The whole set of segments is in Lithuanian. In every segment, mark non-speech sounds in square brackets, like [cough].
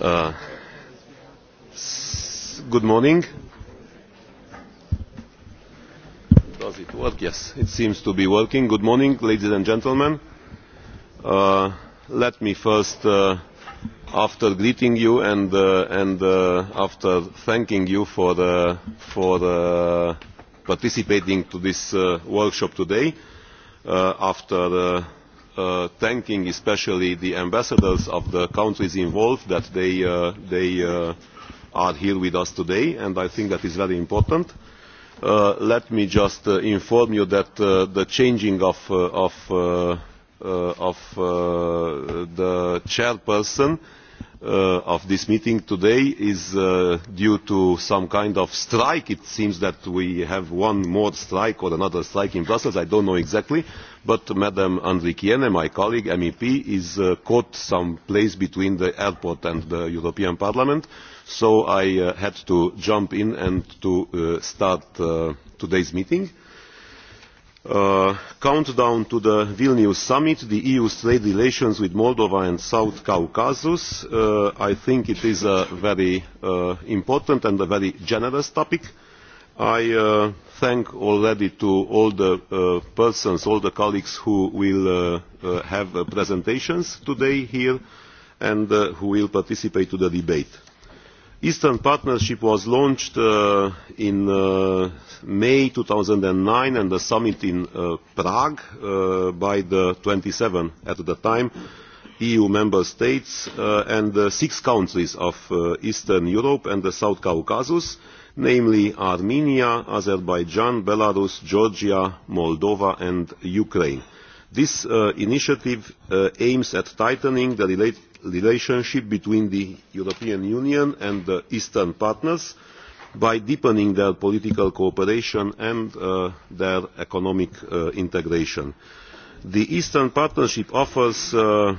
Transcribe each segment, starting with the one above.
Uh, good morning. Does it work? Yes, it seems to be working. Good morning, ladies and gentlemen. Uh, let me first, uh, after greeting you and, uh, and uh, after thanking you for, uh, for uh, participating to this uh, workshop today, uh, after uh, uh, thanking especially the ambassadors of the countries involved that they, uh, they uh, are here with us today, and I think that is very important. Uh, let me just uh, inform you that uh, the changing of, uh, of, uh, uh, of uh, the chairperson uh, of this meeting today is uh, due to some kind of strike. It seems that we have one more strike or another strike in Brussels. I don't know exactly. Uh, but Madam Andrikiene, my colleague, MEP, is uh, caught some place between the airport and the European Parliament, so I uh, had to jump in and to uh, start uh, today's meeting. Uh, countdown to the Vilnius summit, the EU's trade relations with Moldova and South Caucasus. Uh, I think it is a very uh, important and a very generous topic. I uh, thank already to all the uh, persons, all the colleagues who will uh, uh, have uh, presentations today here and uh, who will participate to the debate. Eastern Partnership was launched uh, in uh, May 2009 and the summit in uh, Prague uh, by the 27 at the time EU member states uh, and uh, six countries of uh, Eastern Europe and the South Caucasus. Uh, namely Armenia, Azerbaijan, Belarus, Georgia, Moldova and Ukraine. This uh, initiative uh, aims at tightening the relate relationship between the European Union and the Eastern partners by deepening their political cooperation and uh, their economic uh, integration. The Eastern Partnership offers uh,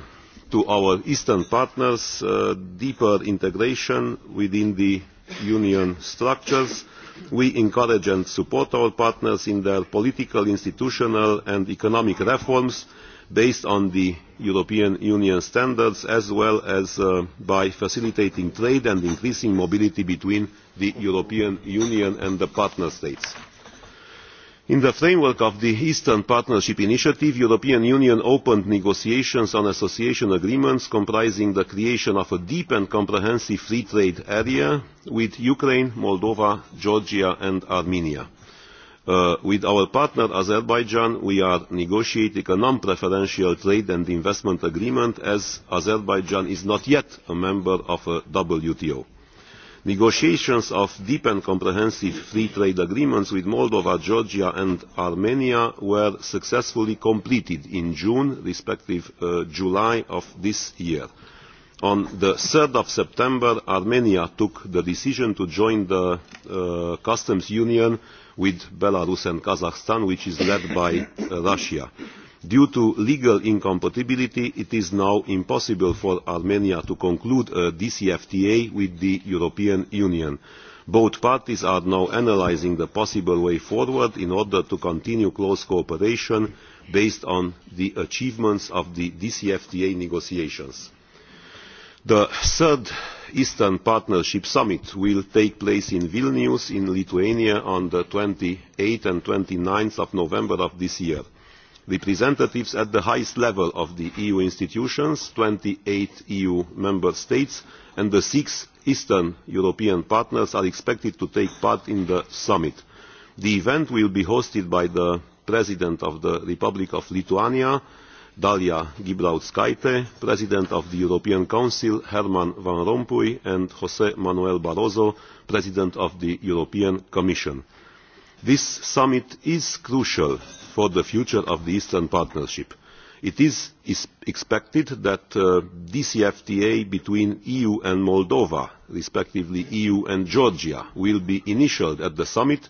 to our Eastern partners uh, deeper integration within the Union structures. We encourage and support our partners in their political, institutional and economic reforms based on the European Union standards as well as uh, by facilitating trade and increasing mobility between the European Union and the partner states in the framework of the eastern partnership initiative the european union opened negotiations on association agreements comprising the creation of a deep and comprehensive free trade area with ukraine moldova georgia and armenia. Uh, with our partner azerbaijan we are negotiating a non preferential trade and investment agreement as azerbaijan is not yet a member of the wto negotiations of deep and comprehensive free trade agreements with moldova georgia and armenia were successfully completed in june respectively uh, july of this year. on three september armenia took the decision to join the uh, customs union with belarus and kazakhstan which is led by uh, russia due to legal incompatibility it is now impossible for armenia to conclude a dcfta with the european union. both parties are now analysing the possible way forward in order to continue close cooperation based on the achievements of the dcfta negotiations. the third eastern partnership summit will take place in vilnius in lithuania on twenty eight and twenty nine november of this year representatives at the highest level of the eu institutions twenty eight eu member states and the six eastern european partners are expected to take part in the summit. the event will be hosted by the president of the republic of lithuania dalia grybauskait president of the european council herman van rompuy and jos manuel barroso president of the european commission. this summit is crucial for the future of the Eastern Partnership. It is, is expected that uh, DCFTA between EU and Moldova, respectively EU and Georgia, will be initialed at the summit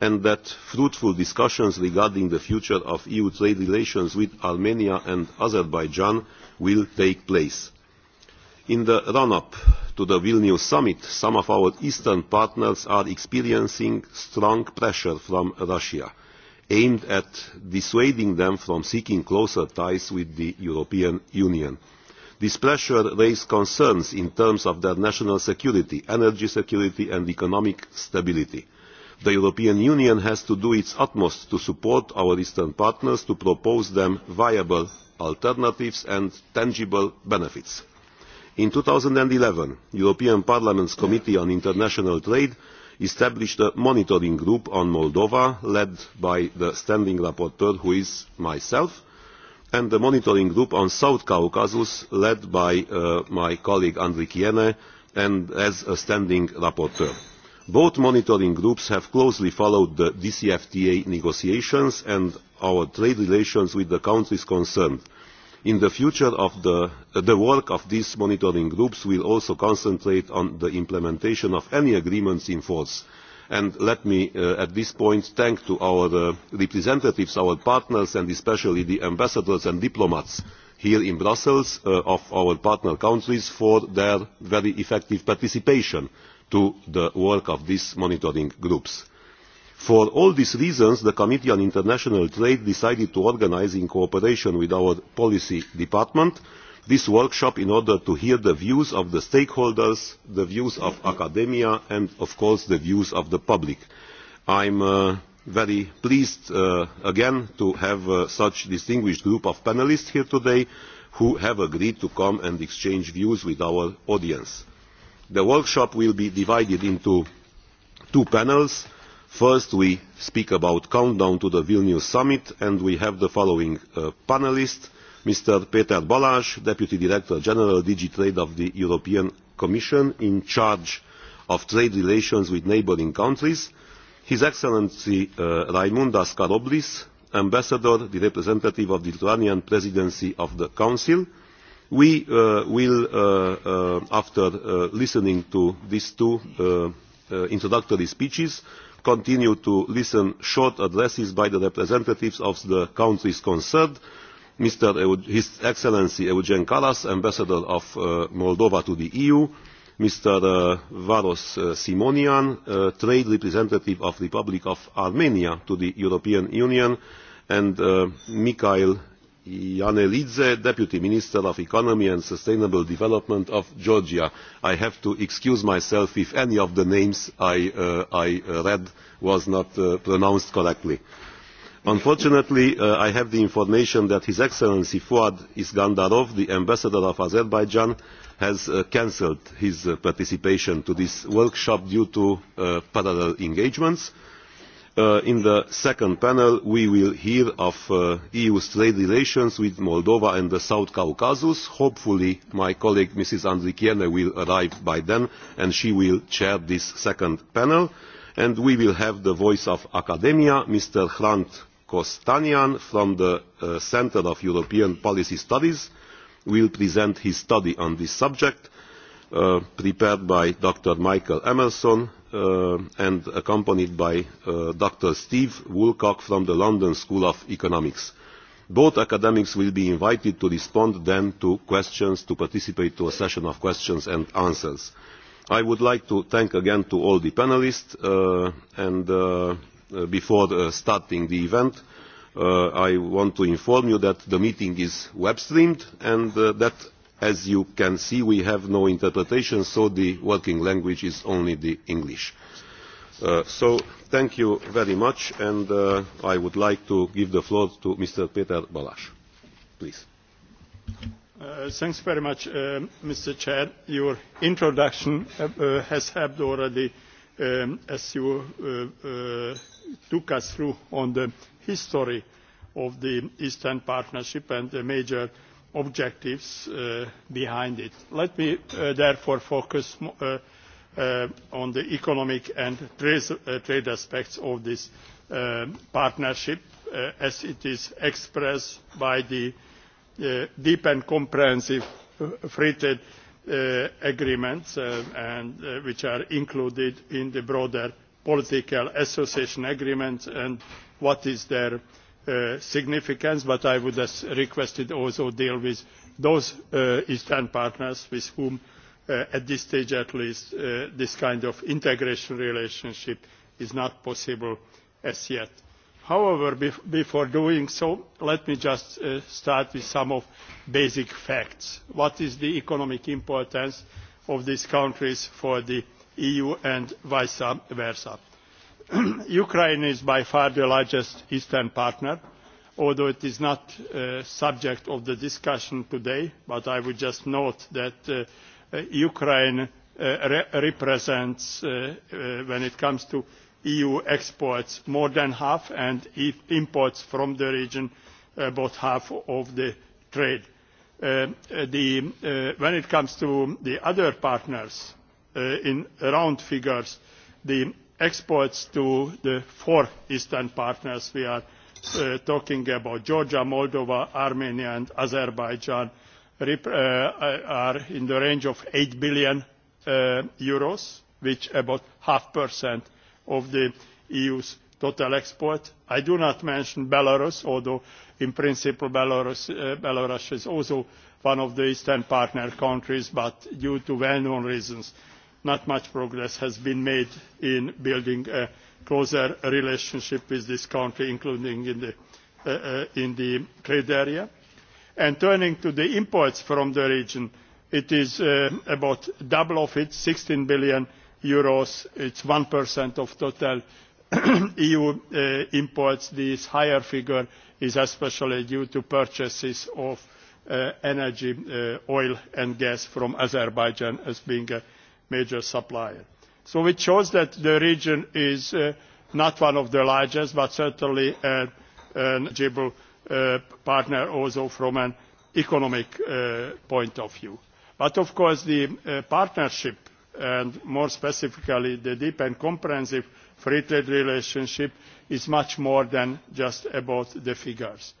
and that fruitful discussions regarding the future of EU trade relations with Armenia and Azerbaijan will take place. In the run-up to the Vilnius summit, some of our eastern partners are experiencing strong pressure from Russia – aimed at dissuading them from seeking closer ties with the European Union. This pressure raised concerns in terms of their national security, energy security and economic stability. The European Union has to do its utmost to support our Eastern partners to propose them viable alternatives and tangible benefits. In 2011, European Parliament's Committee on International Trade established a monitoring group on moldova led by the standing rapporteur who is myself and the monitoring group on south caucasus led by uh, my colleague andrikiene and as a standing rapporteur. both monitoring groups have closely followed the dcfta negotiations and our trade relations with the countries concerned in the future the, uh, the work of these monitoring groups will also concentrate on the implementation of any agreements in force and let me uh, at this point thank our uh, representatives our partners and especially the ambassadors and diplomats here in brussels uh, of our partner countries for their very effective participation in the work of these monitoring groups for all these reasons the committee on international trade decided to organise in cooperation with our policy department this workshop in order to hear the views of the stakeholders the views of academia and of course the views of the public. i am uh, very pleased uh, again to have uh, such a distinguished group of panellists here today who have agreed to come and exchange views with our audience. the workshop will be divided into two panels First, we speak about countdown to the Vilnius summit, and we have the following uh, panelists. Mr. Peter Balázs, Deputy Director General, DG Trade of the European Commission, in charge of trade relations with neighboring countries. His Excellency uh, Raimundas Karoblis, Ambassador, the representative of the Lithuanian Presidency of the Council. We uh, will, uh, uh, after uh, listening to these two uh, uh, introductory speeches, uh, continue to listen to short addresses by the representatives of the countries concerned mr his excellency eugen kallas ambassador of uh, moldova to the eu mr uh, varos uh, simonian uh, trade representative of the republic of armenia to the european union and uh, mikhail Yanelidze, Deputy Minister of Economy and Sustainable Development of Georgia. I have to excuse myself if any of the names I, uh, I uh, read was not uh, pronounced correctly. Unfortunately, uh, I have the information that His Excellency Fuad Iskandarov, the Ambassador of Azerbaijan, has uh, cancelled his uh, participation to this workshop due to uh, parallel engagements. Uh, Uh, in the second panel we will hear of the uh, eu's trade relations with moldova and the south caucasus. hopefully my colleague ms andrikien will arrive by then and she will chair this second panel. and we will have the voice of academia mr hrant kostanian from the uh, centre of european policy studies will present his study on this subject uh, prepared by dr michael emerson uh, and accompanied by uh, Dr. Steve Woolcock from the London School of Economics. Both academics will be invited to respond then to questions, to participate to a session of questions and answers. I would like to thank again to all the panelists uh, and uh, uh before uh, starting the event, uh, I want to inform you that the meeting is web streamed and uh, that as you can see we have no interpretation so the working language is only english. Uh, so thank you very much and uh, i would like to give the floor to mr peter balas. please. Uh, thanks very much uh, mr chair. your introduction uh, uh, has helped already um, as you took us through on the history of the eastern partnership and the major objectives uh, behind it. Let me uh, therefore focus uh, uh, on the economic and trade, uh, trade aspects of this uh, partnership uh, as it is expressed by the uh, deep and comprehensive uh, free trade uh, agreements uh, and, uh, which are included in the broader political association agreements and what is their uh, uh, significance but i would have requested also deal with those uh, eastern partners with whom uh, at this stage at least uh, this kind of integration relationship is not possible as yet. however bef before doing so let me just uh, start with some basic facts. what is the economic importance of these countries for the eu and vice versa? [clears throat] ukraine is by far the largest eastern partner although it is not the uh, subject of the discussion today but i would just note that uh, uh ukraine uh, re represents uh, when it comes to eu exports more than half and imports from the region about half of the trade. The, when it comes to the other partners in round figures the exports to the four eastern partners we are uh, talking about georgia moldova armenia and azerbaijan rep, uh, uh are in the range of eur eight billion uh, Euros, which is about half percent of the eu's total exports. i do not mention belarus although in principle belarus, uh, belarus is also one of the eastern partner countries but due to well known reasons not much progress has been made in building a closer relationship with this country, including in the, uh, uh, in the trade area. And turning to the imports from the region, it is uh, about double of it, 16 billion euros. It's 1% of total [coughs] EU uh, imports. This higher figure is especially due to purchases of uh, energy, uh, oil and gas from Azerbaijan as being a major supplier. so it shows that the region is uh, not one of the largest but certainly uh, an eligible uh, partner also from an economic uh, point of view. but of course the uh, partnership and more specifically the deep and comprehensive free trade relationship is much more than just about the figures.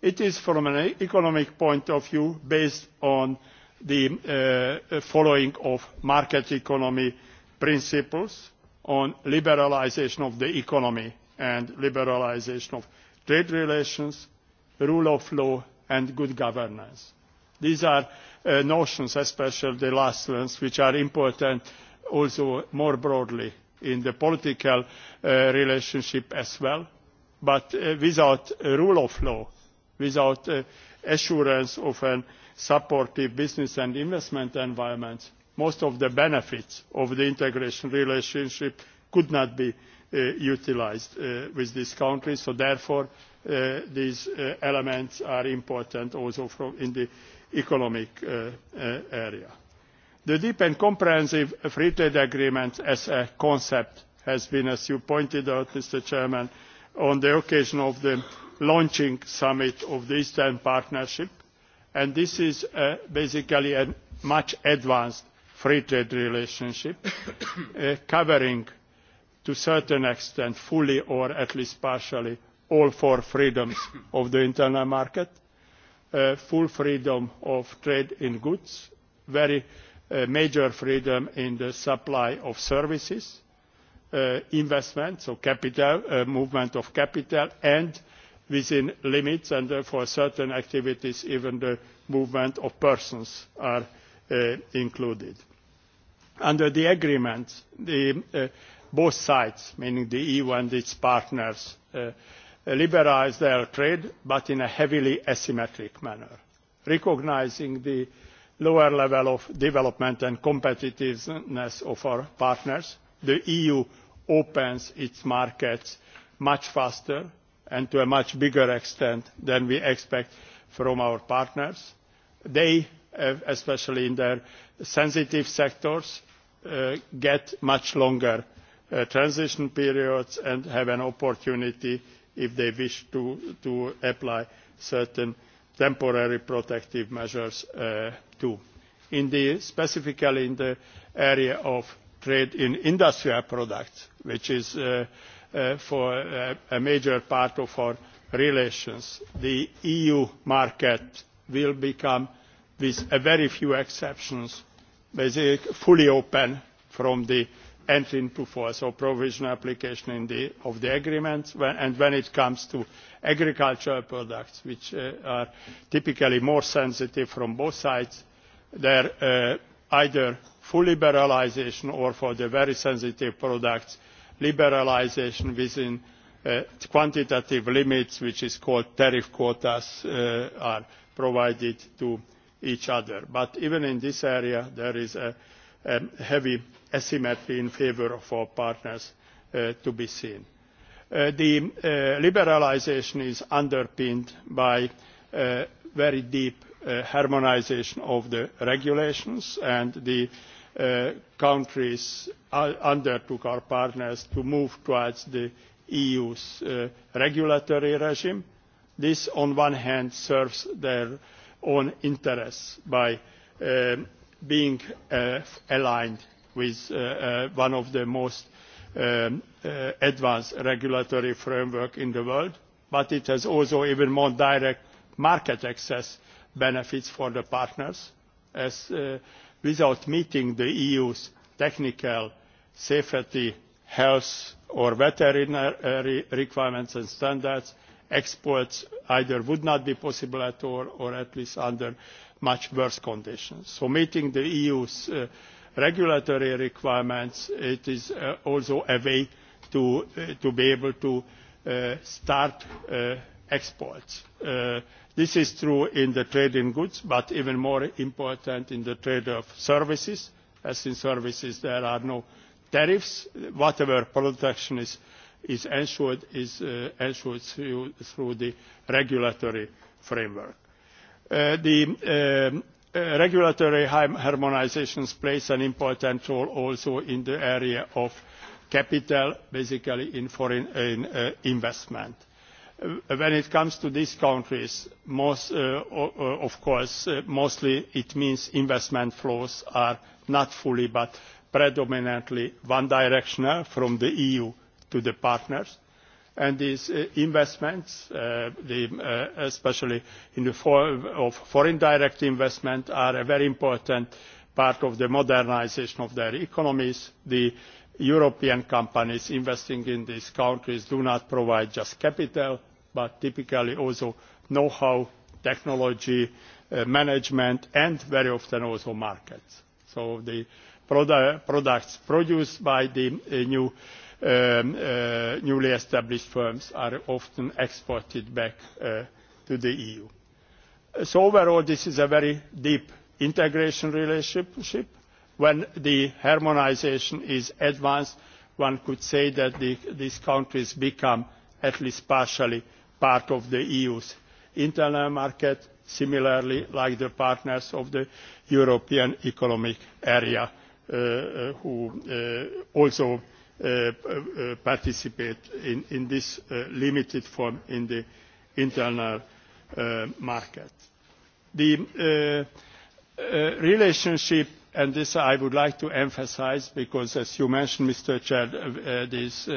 it is from an economic point of view based on the uh, following of market economy principles on liberalisation of the economy and liberalisation of trade relations rule of law and good governance. these are uh, notions especially the last ones which are important also more broadly in the political uh, relationship as well but uh, without rule of law without uh, assurance of an supportive business and investment environments, most of the benefits of the integration relationship could not be uh, utilized uh, with these countries. So therefore, uh, these uh, elements are important also from in the economic uh, uh, area. The deep and comprehensive free trade agreement as a concept has been, as you pointed out, Mr. Chairman, on the occasion of the launching summit of the Eastern Partnership and this is uh, basically a much advanced free trade relationship [coughs] uh, covering to a certain extent fully or at least partially all four freedoms [coughs] of the internal market uh, full freedom of trade in goods very uh, major freedom in the supply of services uh, investment so capital uh, movement of capital and within limits and therefore certain activities even the movement of persons are uh, included. under the agreement the, uh, both sides meaning the eu and its partners uh, liberalise their trade but in a heavily asymmetric manner recognising the lower level of development and competitiveness of our partners the eu opens its markets much faster and to a much bigger extent than we expect from our partners. they uh, especially in their sensitive sectors uh, get much longer uh, transition periods and have an opportunity if they wish to, to apply certain temporary protective measures uh, too. In the, specifically in the area of trade in industrial products, which is uh, uh, for uh, a major part of our relations. the eu market will become with very few exceptions basically fully open from the entry into force or provisional application the, of the agreement and when it comes to agricultural products which uh, are typically more sensitive from both sides there uh, either full liberalisation or for the very sensitive products liberalisation within uh, quantitative limits which is called tariff quotas uh, are provided to each other. but even in this area there is a, a heavy asymmetry in favour of our partners uh, to be seen. Uh, the uh, liberalisation is underpinned by uh, very deep harmonisation of the regulations and the uh, countries undertook our partners to move towards the eu's uh, regulatory regime. this on one hand serves their own interests by um, being uh, aligned with uh, uh, one of the most um, advanced regulatory frameworks in the world but it has also even more direct market access benefits for the partners as without meeting the eu's technical safety health or veterinary requirements and standards exports either would not be possible at all or at least under much worse conditions. so meeting the eu's uh, regulatory requirements is uh, also a way to, uh, to be able to uh, start uh, exports. Uh, this is true in the trade in goods but even more important in the trade of services as in services there are no tariffs whatever protection is, is ensured is uh, ensured through, through the regulatory framework. Uh, the um, uh, regulatory harmonisation plays an important role also in the area of capital basically in foreign in, uh, investment. Uh, Uh, when it comes to these countries most, uh, uh, of course uh, mostly it means investment flows are not fully but predominantly one directional from the eu to the partners and these uh, investments uh, the, especially in the form of foreign direct investment are a very important part of the modernisation of their economies. the european companies investing in these countries do not provide just capital but typically also know how technology uh, management and very often also markets. so the produ products produced by the uh, new, um, uh, newly established firms are often exported back uh, to the eu. so overall this is a very deep integration relationship. when the harmonisation is advanced one could say that the, these countries become at least partially part of the eu's internal market similarly like the partners of the european economic area uh, uh who uh, also uh, uh, participate in, in this uh, limited form in the internal market. the relationship and this i would like to emphasise because as you mentioned mr chair this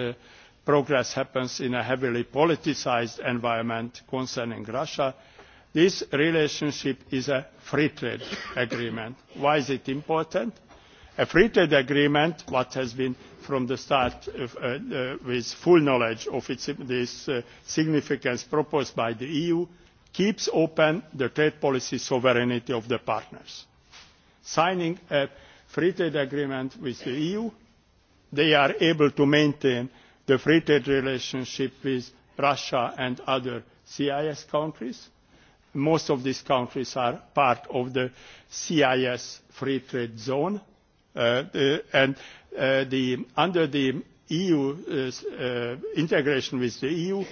progress happens in a heavily politicised environment concerning russia. this relationship is a free trade agreement. why is it important? a free trade agreement what has been from the start of, uh, uh, with full knowledge of its this, uh, significance proposed by the eu keeps open the trade policy sovereignty of the partners. signing a free trade agreement with the eu they are able to maintain the free trade relationship with russia and other cis countries. most of these countries are part of the cis free trade zone uh, and uh, the, under the eu uh, uh, integration with the eu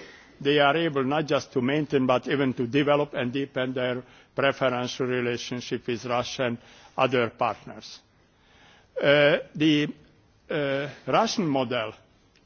they are able not just to maintain but even to develop and deepen their preferential relationship with russia and other partners. Uh, the uh, russian model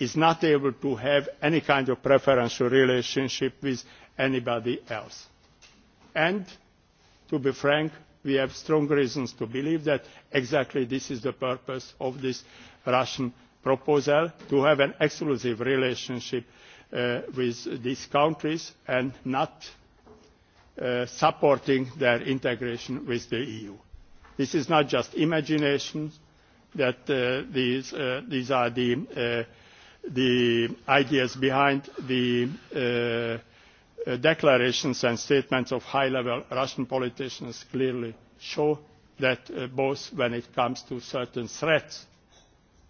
is not able to have any kind of preferential relationship with anybody else. and to be frank we have strong reasons to believe that exactly this is the purpose of this russian proposal to have an exclusive relationship uh, with these countries and not uh, supporting their integration with the eu. this is not just imagination that uh, these, uh, these are the uh, the ideas behind the uh, uh declarations and statements of high level Russian politicians clearly show that uh, both when it comes to certain threats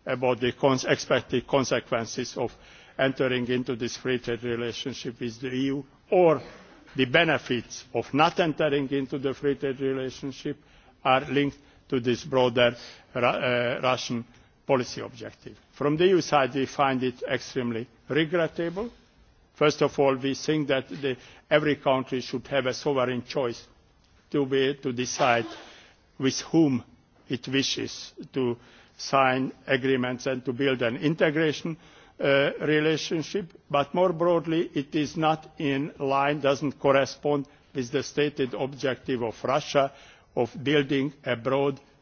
about the cons expected consequences of entering into this free trade relationship with the EU or the benefits of not entering into the free trade relationship are linked to this broader uh, Russian policy objective. from the eu side we find it extremely regrettable. first of all we think that the, every country should have a sovereign choice to, be, to decide with whom it wishes to sign agreements and to build an integration uh, relationship but more broadly it is not in line does not correspond with the stated objective of russia of building a broad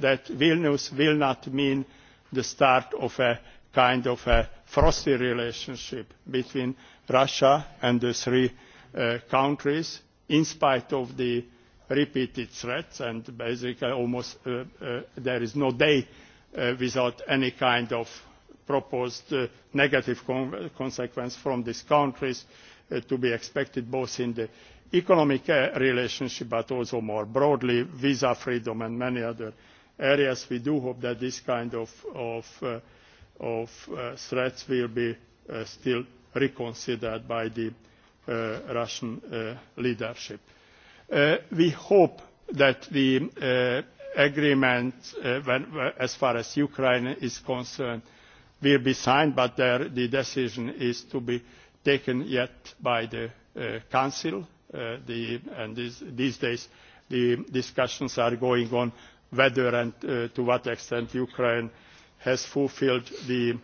that vilnius will not mean the start of a kind of a frosty relationship between russia and the three uh, countries in spite of the repeated threats and basically almost uh, uh, there is no day uh, without any kind of proposed uh, negative con consequence from these countries uh, to be expected both in the economic uh, relationship but also more broadly visa freedom and many other uh, areas, we do hope that this kind of, of, uh, of uh, threats will be uh, still reconsidered by the uh, Russian uh, leadership. Uh, we hope that the uh, agreement, uh, when, as far as Ukraine is concerned, will be signed, but there the decision is to be taken yet by the uh, Council. Uh, the, and this, these days the discussions are going on whether and uh, to what extent Ukraine has fulfilled the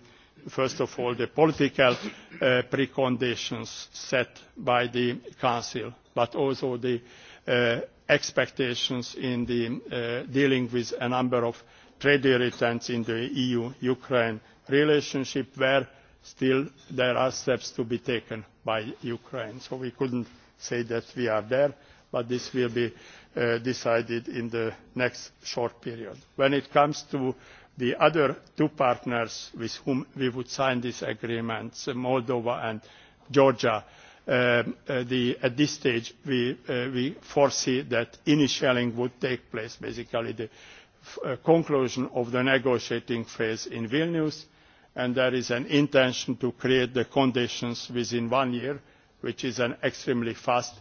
first of all the political uh, preconditions set by the Council, but also the uh, expectations in the uh, dealing with a number of trade irritants in the EU-Ukraine relationship where still there are steps to be taken by Ukraine. So we couldn't say that we are there, but this will be uh, decided in the next short period. When it comes to the other two partners with whom we would sign these agreements, uh, Moldova and Georgia, um, uh, the, at this stage we, uh, we foresee that initialing would take place, basically the uh, conclusion of the negotiating phase in Vilnius, and there is an intention to create the conditions within one year, which is an extremely fast uh,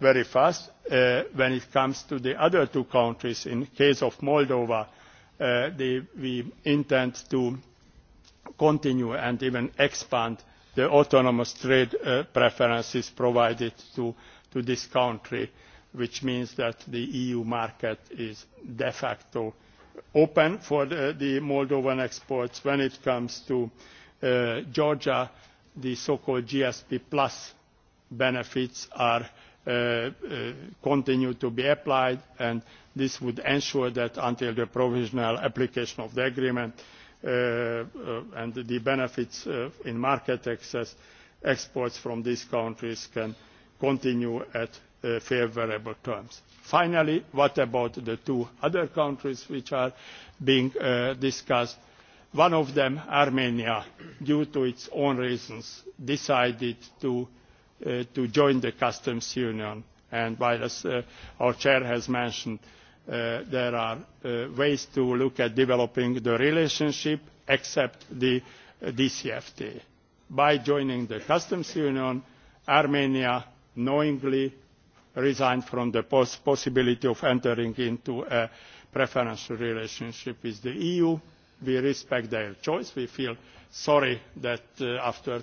very fast. Uh, when it comes to the other two countries, in the case of Moldova, uh, they, we intend to continue and even expand the autonomous trade uh, preferences provided to, to this country, which means that the EU market is de facto open for the, the Moldovan exports. When it comes to uh, Georgia, the so-called GSP plus benefits are uh, uh, continue to be applied and this would ensure that until the provisional application of the agreement uh, uh, and the benefits uh, in market access exports from these countries can continue at uh, favourable terms. Finally, what about the two other countries which are being uh, discussed? One of them, Armenia, due to its own reasons, decided to uh, uh, to join the customs union. And while, as uh, our chair has mentioned, uh, there are uh, ways to look at developing the relationship except the uh, DCFT. By joining the customs union, Armenia knowingly resigned from the pos possibility of entering into a preferential relationship with the EU. We respect their choice. We feel sorry that uh, after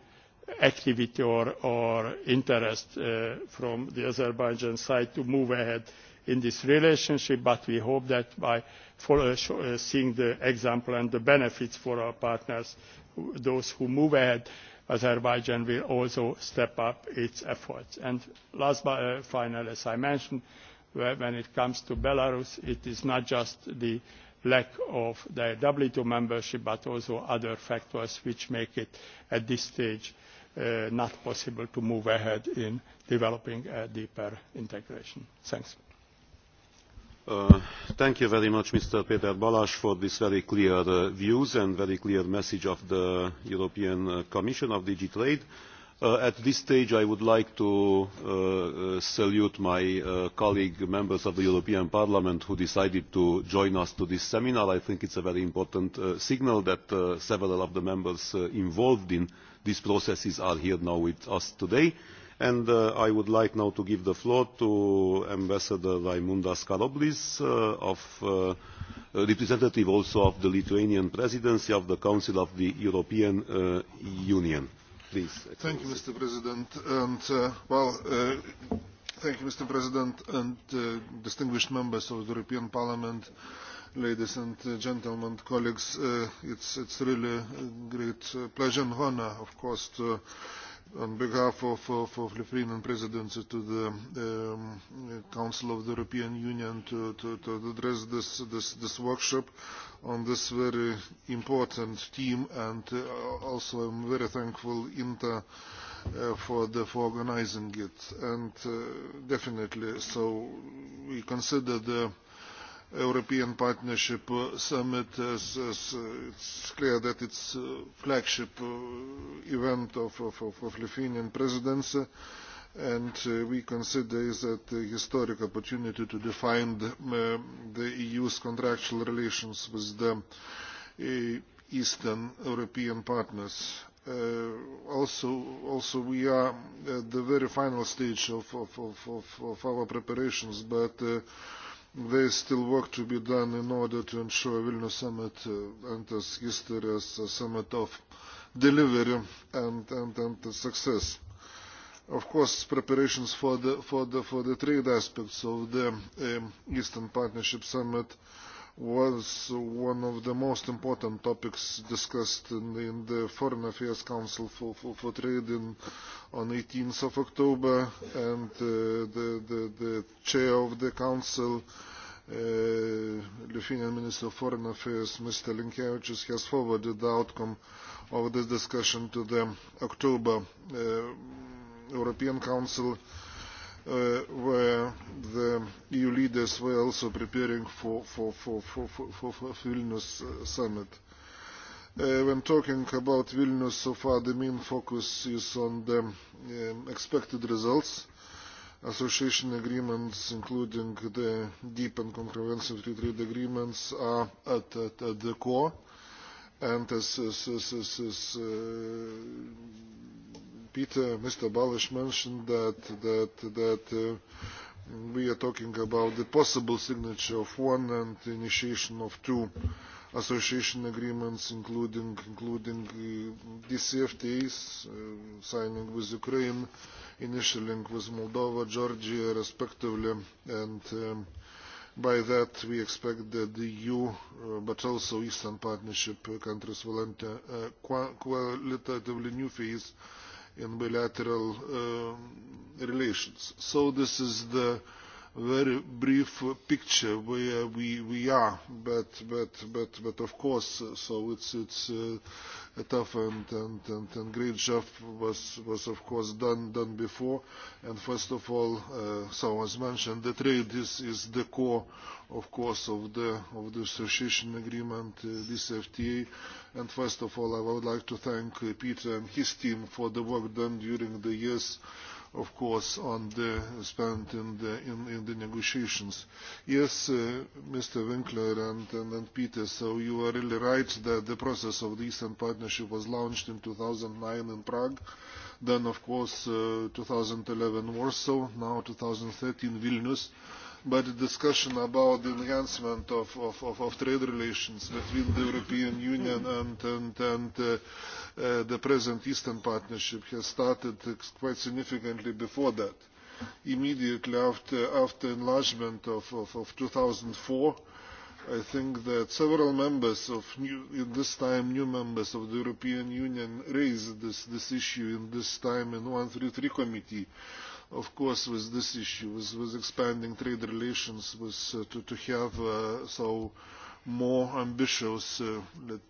activity or, or interest uh, from the Azerbaijan side to move ahead in this relationship, but we hope that by follow, uh, uh, seeing the example and the benefits for our partners, those who move ahead, Azerbaijan will also step up its efforts. And last but uh, final, as I mentioned, when it comes to Belarus, it is not just the uh, lack of the wto membership but also other factors which make it at this stage uh, not possible to move ahead in developing deeper integration. thanks. Uh, thank you very much mr peter balas for these very clear uh, views and very clear message of the european uh, commission of dg trade. Uh, at this stage, I would like to uh, uh, salute my uh, colleague members of the European Parliament who decided to join us to this seminar. I think it's a very important uh, signal that uh, several of the members uh, involved in these processes are here now with us today. And uh, I would like now to give the floor to Ambassador Raimundas Karoblis, uh, of, uh, representative also of the Lithuanian presidency of the Council of the European uh, Union. Please. Thank you, Mr. President. And, uh, well, uh, thank you, Mr. President, and uh, distinguished members of the European Parliament, ladies and uh, gentlemen, colleagues. Uh, it's, it's really a great uh, pleasure and honor, of course, to, on behalf of, of, of Lithuanian presidency to the um, Council of the European Union to, to, to address this, this, this workshop on this very important team and uh, also I'm very thankful INTA uh, for, the, for organizing it. And uh, definitely, so we consider the European Partnership uh, Summit as, as uh, it's clear that it's uh, flagship uh, event of, of, of, of Lithuanian presidency. Uh, and uh, we consider is a historic opportunity to define the, uh, the EU's contractual relations with the uh, Eastern European partners. Uh, also, also we are at the very final stage of, of, of, of, of our preparations, but uh, there is still work to be done in order to ensure Vilnius summit uh, enters history as a summit of delivery and, and, and success. Uh, of course, preparations for the, for the, for the trade aspects of the um, Eastern Partnership Summit was one of the most important topics discussed in, in the Foreign Affairs Council for, for, for Trade in, on 18th of October, and uh, the, the, the chair of the council, uh, Lithuanian Minister of Foreign Affairs, Mr. Linkevichus, has forwarded the outcome of this discussion to the October uh, European Council uh, where the EU leaders were also preparing for, for, for, for, for, for Vilnius uh, summit. Uh, when talking about Vilnius so far, the main focus is on the um, expected results, association agreements, including the deep and comprehensive free trade agreements, are at, at, at the core. And as, as, as, as, as uh, Peter, Mr. Balish mentioned that, that, that uh, we are talking about the possible signature of one and the initiation of two association agreements, including, including uh, DCFTAs, uh, signing with Ukraine, initialing with Moldova, Georgia, respectively, and um, by that we expect that the EU, uh, but also Eastern Partnership uh, countries will enter uh, a qualitatively new phase uh, in bilateral uh, relations. So this is the uh, very brief picture where we, we are, but, but, but, but of course, so it's, it's uh, a tough and, and, and, and great job was, was of course done, done before. And first of all, uh, so as mentioned, the trade is, is the core, of course, of the, of the association agreement, uh, this FTA. And first of all, I would like to thank uh, Peter and his team for the work done during the years uh, of course, on the spent in the, in, in the negotiations. Yes, uh, Mr. Winkler and, and, and Peter, so you are really right that the process of the Eastern Partnership was launched in 2009 in Prague. Then, of course, uh, 2011 Warsaw, now 2013 Vilnius. Uh, but the discussion about the enhancement of, of, of, of trade relations between the European Union and, and, and uh, uh, the present Eastern Partnership has started quite significantly before that. Immediately after, after enlargement of, of, of 2004, I think that several members of new, this time new members of the European Union raised this, this issue in this time in 133 committee. Uh, of course, with this issue, with, with expanding trade relations, with, uh, to, to have uh, so more ambitious uh,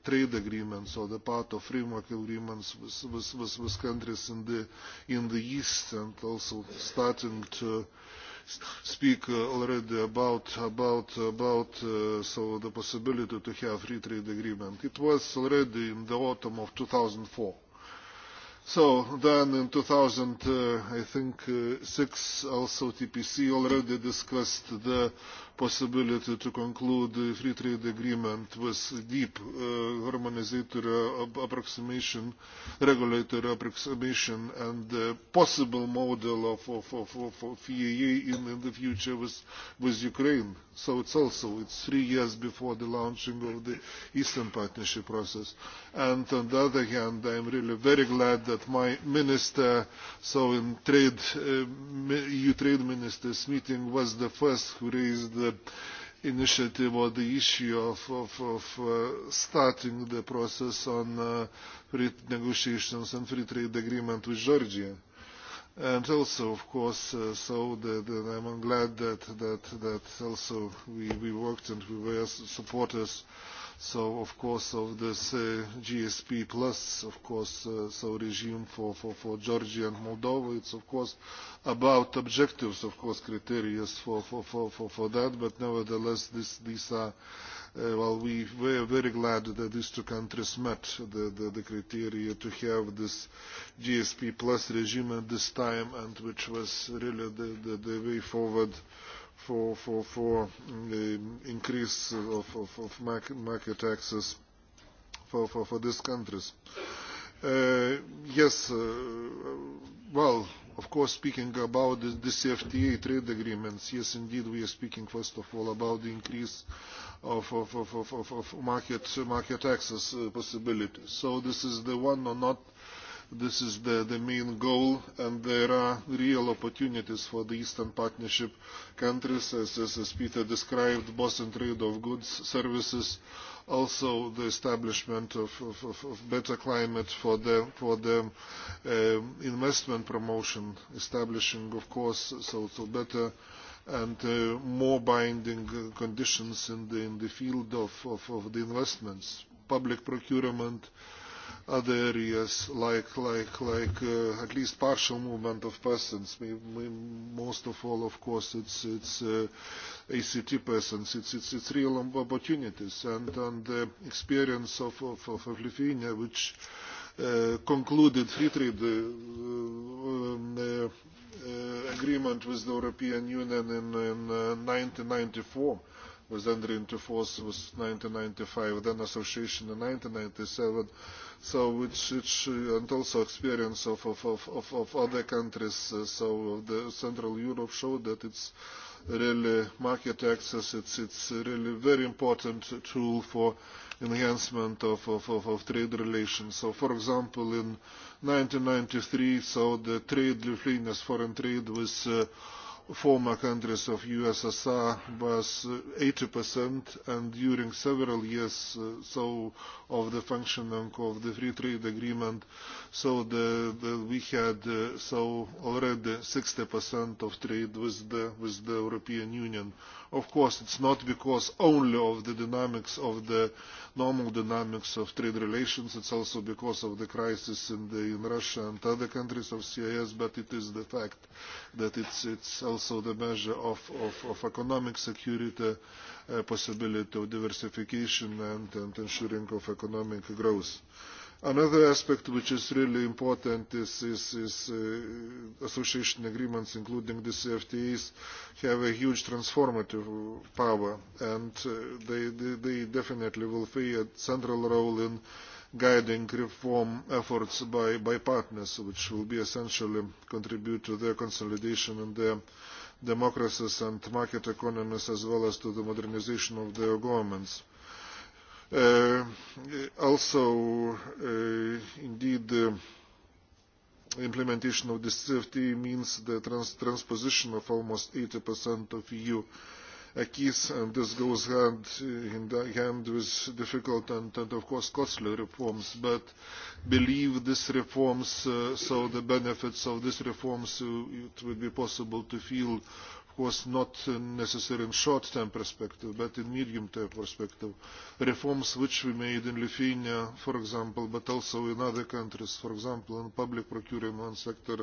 trade agreements or the part of framework agreements with, with, with, with countries in the, in the East and also starting to speak uh, already about, about, about uh, so the possibility to have free trade agreement. It was already in the autumn of 2004 So then in 2000, uh, I think, uh, six also TPC already discussed the possibility to conclude the free trade agreement with deep uh, harmonizator uh, approximation, regulator approximation, and the possible model of, of, of, of, of EAA in, in the future with, with Ukraine. So it's also it's three years before the launching of the Eastern Partnership process. And on the other hand, I am really very glad that that my minister, so in trade, uh, EU trade ministers meeting, was the first who raised the initiative or the issue of, of, of uh, starting the process on uh, free negotiations and free trade agreement with Georgia. And also, of course, uh, so that, that I'm glad that, that, that also we, we worked and we were supporters uh, So of course of this uh, GSP plus, of course, uh, so regime for, for, for Georgia and Moldova, it's of course about objectives, of course, criteria for, for, for, for, for that, but nevertheless this, these are uh, well, we were very glad that these two countries met the, the, the criteria to have this GSP plus regime at this time, and which was really the, the, the way forward uh, for, for, for um, increase of, of, of market, market access for, for, for these countries. Uh, yes, uh, well, of course, speaking about the, the CFTA trade agreements, yes, indeed, we are speaking first of all about the increase of, of, of, of, of market, market access uh, possibilities. So this is the one or not uh, This is the, the main goal, and there are real opportunities for the Eastern Partnership countries, as, as, as Peter described, both in trade of goods, services, also the establishment of, of, of, of better climate for the, for the um, investment promotion, establishing, of course, so, so better and uh, more binding conditions in the, in the field of, of, of the investments, public procurement, uh, other areas like, like, like uh, at least partial movement of persons. We, we, most of all, of course, it's, it's uh, ACT persons. It's, it's, it's real um, opportunities. And, and the experience of, of, of Lithuania, which uh, concluded free trade uh, um, uh, uh, agreement with the European Union in, in uh, 1994, was then reinforced with 1995, then association in 1997. So which, which uh, and also experience of, of, of, of, of other countries. Uh, so the Central Europe showed that it's really market access. It's it's really very important tool for enhancement of, of, of, of trade relations. So, for example, in 1993, so the trade, Lithuania's foreign trade, was. Uh, former countries of USSR was 80% and during several years uh, so of the functioning of the free trade agreement so the, the we had uh, so already 60% of trade with the with the European Union uh, Of course, it's not because only of the dynamics of the normal dynamics of trade relations, it's also because of the crisis in, the, in Russia and other countries of CIS, but it is the fact that it's, it's also the measure of, of, of economic security, uh, possibility of diversification and, and ensuring of economic growth. Uh, Another aspect which is really important is, is, is uh, association agreements, including the CFTAs, have a huge transformative power, and uh, they, they, they definitely will play a central role in guiding reform efforts by, by partners, which will be essentially contribute to their consolidation and their democracies and market economies, as well as to the modernization of their governments Uh, also, uh, indeed, uh, implementation of this CFTA means the trans transposition of almost 80% of EU acquis, and this goes hand uh, in hand with difficult and, and of course, costly reforms. But believe these reforms, uh, so the benefits of these reforms, uh, it will be possible to feel course not necessary in short-term perspective, but in medium-term perspective. Reforms which we made in Lithuania, for example, but also in other countries, for example, in public procurement sector,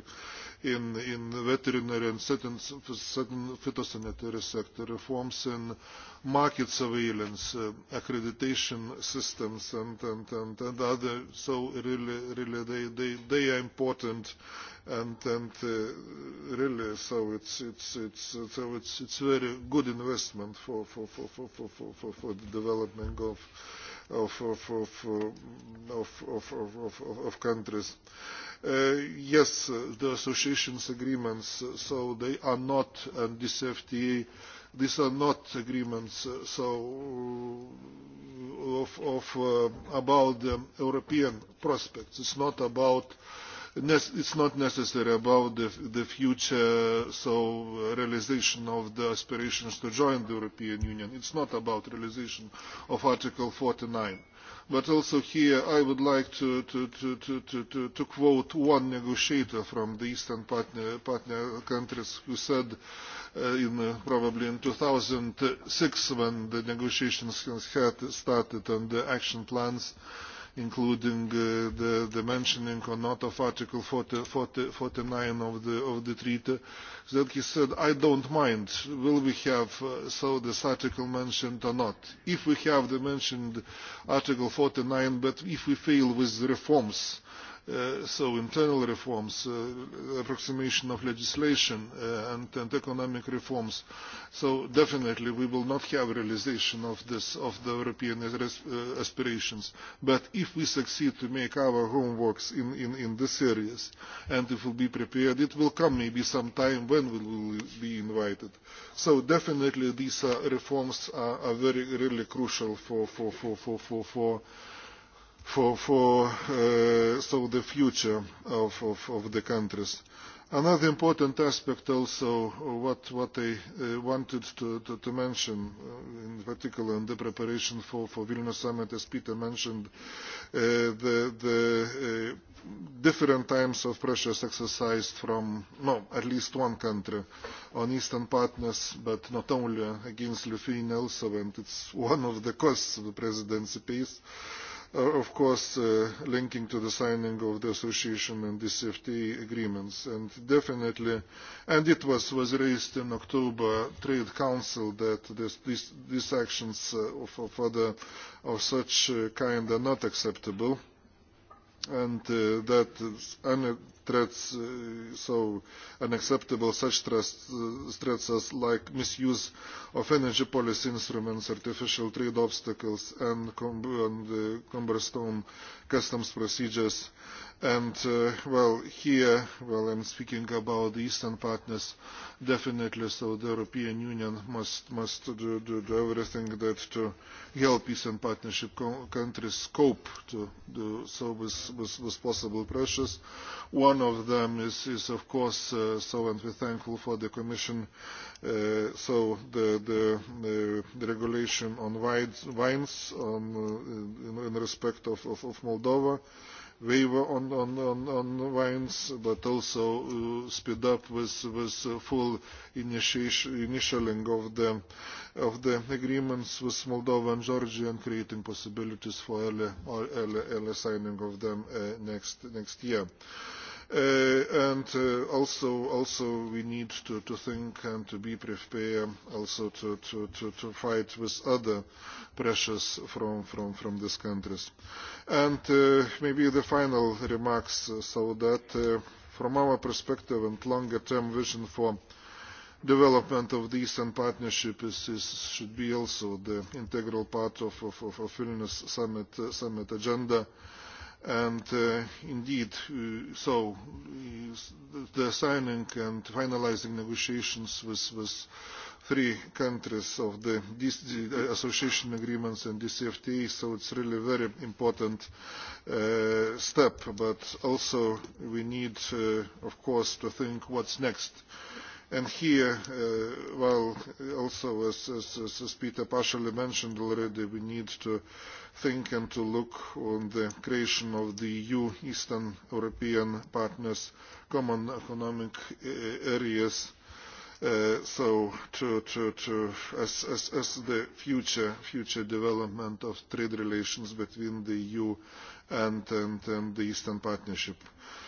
in, in veterinary and certain, certain phytosanitary sector, reforms in market surveillance, uh, accreditation systems, and, and, and, and other. So really, really they, they, they are important, and, and uh, really, so it's, it's, it's, so it's, it's very good investment for, for, for, for, for, for, for, for the development of, of, of, of, of, of, of, of, of countries. Uh, yes, uh, the associations agreements, uh, so they are not, and this FTA uh, these are not agreements uh, so uh, of, of uh, about the um, European prospects. It's not about it's not necessary about the, the future so uh, realization of the aspirations to join the European Union. It's not about realization of Article 49 But also here I would like to, to, to, to, to, to, to quote one negotiator from the Eastern partner, partner countries who said uh, in, uh, probably in 2006 when the negotiations had started and the action plans uh, including uh, the, the mentioning or not of Article 40, 40, 49 of the, of the treaty. So that he said, I don't mind, will we have uh, so this article mentioned or not. If we have the mentioned Article 49, but if we fail with the reforms, uh, Uh, so internal reforms, uh, approximation of legislation uh, and, and economic reforms. So definitely we will not have realization of, this, of the European res, uh, aspirations. But if we succeed to make our homeworks in, in, in this areas and if we'll be prepared, it will come maybe some time when we will be invited. So definitely these uh, reforms are, are very really crucial for, for, for, for, for, for for, for uh, so the future of, of, of the countries. Another important aspect also what, what I uh, wanted to, to, to mention, uh, in particular in the preparation for, for Vilnius summit, as Peter mentioned, uh, the, the uh, different times of pressures exercised from, no, at least one country on Eastern partners, but not only against Lithuania also, and it's [laughs] one of the costs of the presidency piece. Uh, Uh, of course, uh, linking to the signing of the association and the CFTA agreements. And definitely, and it was, was raised in October Trade Council that this, this, these actions uh, of, of, other, of such uh, kind are not acceptable. Uh, and uh, that any threats, uh, so unacceptable such threats, uh, threats as like misuse of energy policy instruments, artificial trade obstacles, and, com and uh, cumbersome customs procedures uh, And, uh, well, here, well, I'm speaking about the Eastern partners. Definitely, so the European Union must, must do, do, do everything that to help Eastern partnership co countries cope to do so with, with, with possible pressures. One of them is, is of course, uh, so, and we're thankful for the Commission, uh, so the, the, the, the regulation on wines, wines um, uh, in, in respect of, of, of Moldova. Uh, waiver on, on, on, on wines, but also uh, speed up with, with full initialing of the, of the agreements with Moldova and Georgia and creating possibilities for early, early, early signing of them uh, next, next year. Uh, Uh, and uh, also, also we need to, to think and to be prepared also to, to, to, to fight with other pressures from, from, from these countries. And uh, maybe the final remarks, uh, so that uh, from our perspective and longer-term vision for development of the Eastern Partnership is, is, should be also the integral part of, of, of, of Vilnius summit, uh, summit agenda. Uh, and uh, indeed uh, so uh, the signing and finalizing negotiations with, with three countries of the association agreements and DCFTA, so it's really very important uh, step, but also we need, uh, of course, to think what's next. And here, uh, well, also as, as, as Peter partially mentioned already, we need to uh, think and to look on the creation of the EU Eastern European partners common economic eh, eh, areas uh, so to, to, to as, as, as the future future development of trade relations between the EU and, and, and the Eastern Partnership. Uh,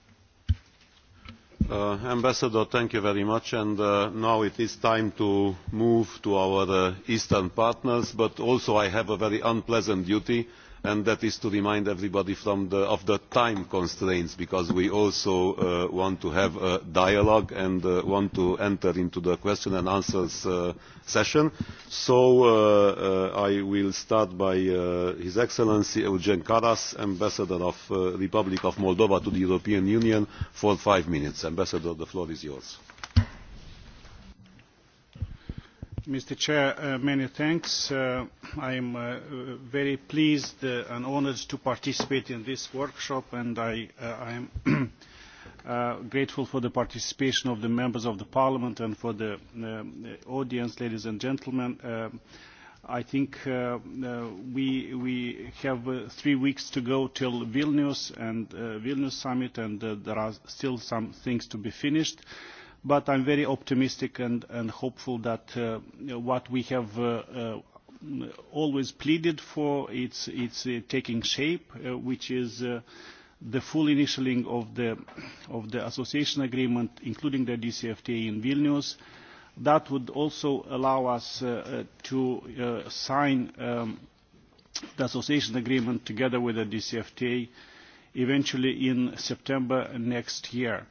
Uh, ambassador thank you very much and uh, now it is time to move to our uh, eastern partners but also i have a very unpleasant duty and that is to remind everybody the, of the time constraints because we also uh, want to have a dialogue and uh, want to enter into the question and answers uh, session. So uh, uh, I will start by uh, His Excellency Eugen Karas, Ambassador of uh, Republic of Moldova to the European Union for five minutes. Ambassador, the floor is yours. Mr. Chair, uh, many thanks. Uh, I am uh, very pleased uh, and honored to participate in this workshop, and I, uh, I am [clears throat] uh, grateful for the participation of the members of the Parliament and for the, um, uh, audience, ladies and gentlemen. Uh, I think uh, uh, we, we have uh, three weeks to go till Vilnius and uh, Vilnius summit, and uh, there are still some things to be finished. Uh, but I'm very optimistic and, and hopeful that uh, what we have uh, uh, always pleaded for, it's, it's uh, taking shape, uh, which is uh, the full initialing of the, of the association agreement, including the DCFTA in Vilnius. That would also allow us uh, uh, to uh, sign um, the association agreement together with the DCFTA eventually in September next year. Uh,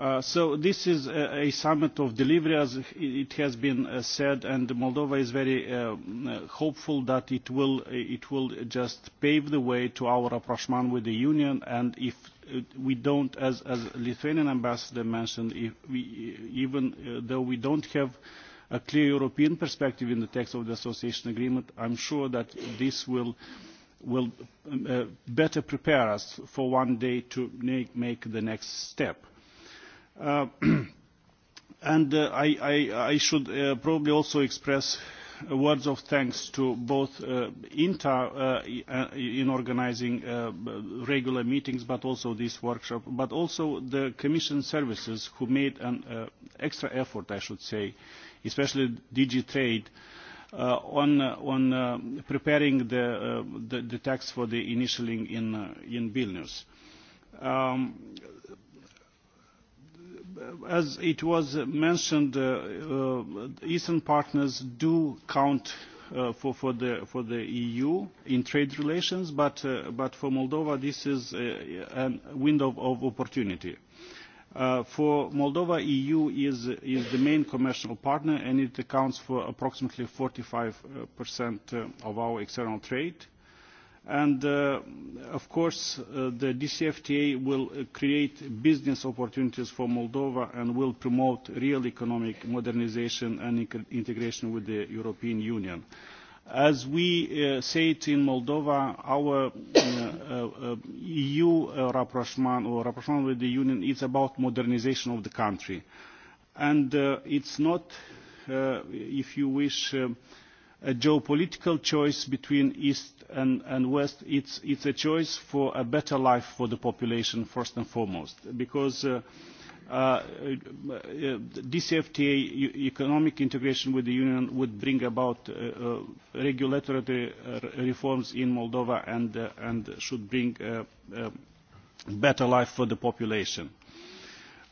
Uh, so this is a, a summit of delivery, as it has been uh, said, and Moldova is very uh, uh hopeful that it will, uh, it will just pave the way to our rapprochement with the Union, and if uh, we don't, as, as Lithuanian ambassador mentioned, if we, even uh, though we don't have a clear European perspective in the text of the association agreement, I'm sure that this will uh, will uh, better prepare us for one day to make, make the next step. Uh, [clears throat] and uh, I, I, I should uh, probably also express uh, words of thanks to both uh, INTA uh, uh, in organizing uh, regular meetings, but also this workshop, but also the Commission services who made an uh, extra effort, I should say, especially DigiTrade, uh, on, uh, on uh, preparing the, uh, the, the text for the initialing in, uh, in Vilnius. Um, as it was mentioned, uh, uh, Eastern partners do count uh, for, for, the, for the EU in trade relations, but, uh, but for Moldova this is a, uh, a window of opportunity. Uh, for Moldova, EU is, is the main commercial partner and it accounts for approximately 45% uh, of our external trade. Uh, And uh, of course, uh, the DCFTA will uh, create business opportunities for Moldova and will promote real economic modernization and integration with the European Union. As we uh, say it in Moldova, our uh, uh, EU uh, rapprochement or rapprochement with the Union is about modernization of the country. And uh, it's not, uh, if you wish, uh, a geopolitical choice between East and, and West. It's, it's a choice for a better life for the population, first and foremost, because uh, uh, uh DCFTA, e, economic integration with the Union, would bring about uh, uh, regulatory uh, reforms in Moldova and, uh, and should bring uh, uh, better life for the population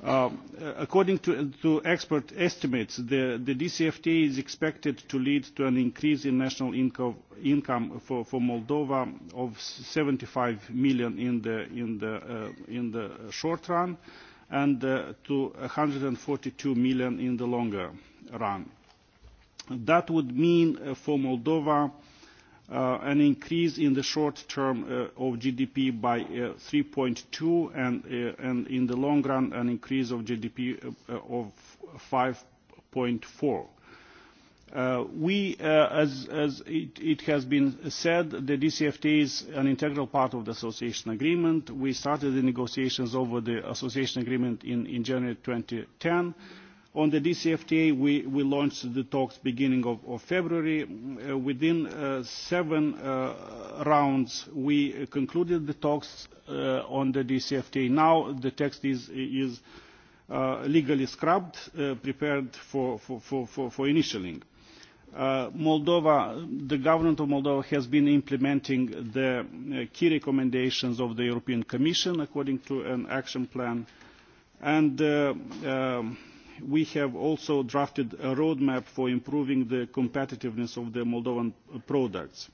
Uh, according to, to expert estimates, the, the DCFTA is expected to lead to an increase in national income, income for, for Moldova of 75 million in the, in the, uh, in the short run and uh, to 142 million in the longer run. That would mean uh, for Moldova uh, uh, an increase in the short term uh, of GDP by uh, 3.2 and, uh, and in the long run an increase of GDP uh, of 5.4. Uh, we, uh, as, as it, it has been said, the DCFTA is an integral part of the association agreement. We started the negotiations over the association agreement in, in January 2010. Mm-hmm On the DCFTA, we, we launched the talks beginning of, of February. Uh, within uh, seven uh, rounds, we concluded the talks uh, on the DCFTA. Now the text is, is uh, legally scrubbed, uh, prepared for, for, for, for, for initialing. Uh, Moldova, the government of Moldova has been implementing the uh, key recommendations of the European Commission according to an action plan. And uh, um, uh, we have also drafted a roadmap for improving the competitiveness of the Moldovan products.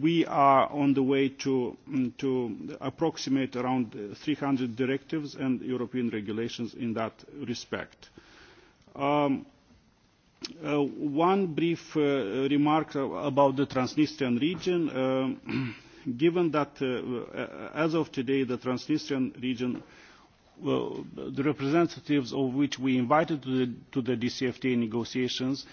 We are on the way to, mm, to approximate around 300 uh, directives and European regulations in that respect. Um, uh, one brief uh, remark about the Transnistrian region. Uh, [clears throat] given that uh, uh, as of today the Transnistrian region uh, well, the representatives of which we invited to the, to the DCFTA negotiations,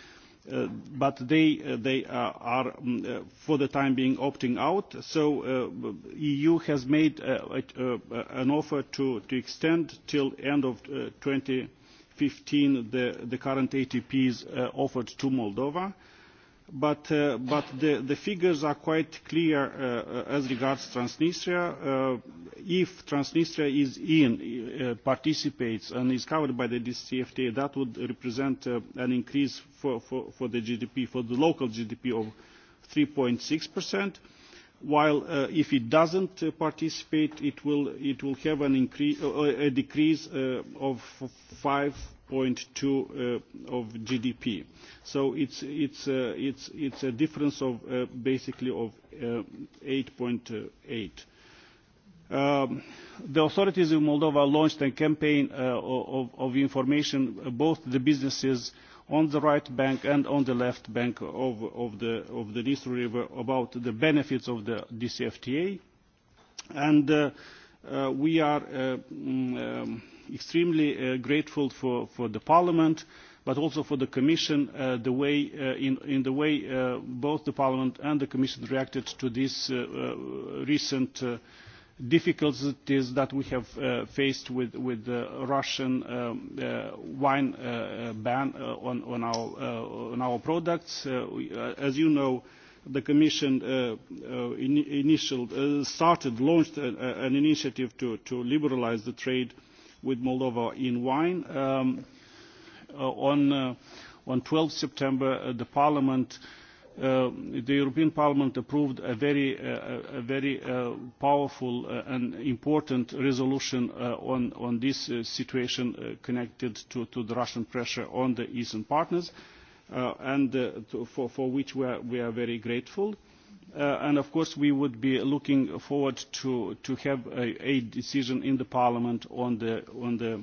uh, but they, uh, they uh, are, um, uh, for the time being, opting out. So uh, EU has made uh, uh, an offer to, to extend till end of uh, 2015 the, the current ATPs uh, offered to Moldova. Uh, but, uh, but the, the figures are quite clear uh, as regards Transnistria. Uh, if Transnistria is in, uh, participates and is covered by the DCFTA, that would represent uh, an increase for, for, for the GDP, for the local GDP of 3.6%, while uh, if it doesn't uh, participate, it will, it will have an increase, uh, uh, a decrease uh, of 5.2 uh, of GDP. So it's, it's, uh, it's, it's a difference of uh, basically of 8.8. Uh, 8 Um, the authorities in Moldova launched a campaign uh, of, of information, uh, both the businesses on the right bank and on the left bank of, of, the, of the Dnistru River about the benefits of the DCFTA. And uh, uh, we are uh, mm, um, extremely uh, grateful for, for the Parliament, but also for the Commission, uh, the way, uh, in, in the way uh, both the Parliament and the Commission reacted to this uh, uh, recent uh, difficulties that we have uh, faced with, with the Russian um, uh, wine uh, ban uh, on, on, our, uh, on our products. Uh, we, uh, as you know, the Commission uh, uh, in, initial, uh, started, launched a, a, uh, an initiative to, to liberalize the trade with Moldova in wine. Um, uh, on, uh, on 12 September, uh, the Parliament uh, uh, the European Parliament approved a very, uh, a very uh, powerful uh, and important resolution uh, on, on this uh, situation uh, connected to, to the Russian pressure on the Eastern partners, uh, and uh, to, for, for which we are, we are very grateful. Uh, and of course, we would be looking forward to, to have a, a decision in the Parliament on the, on the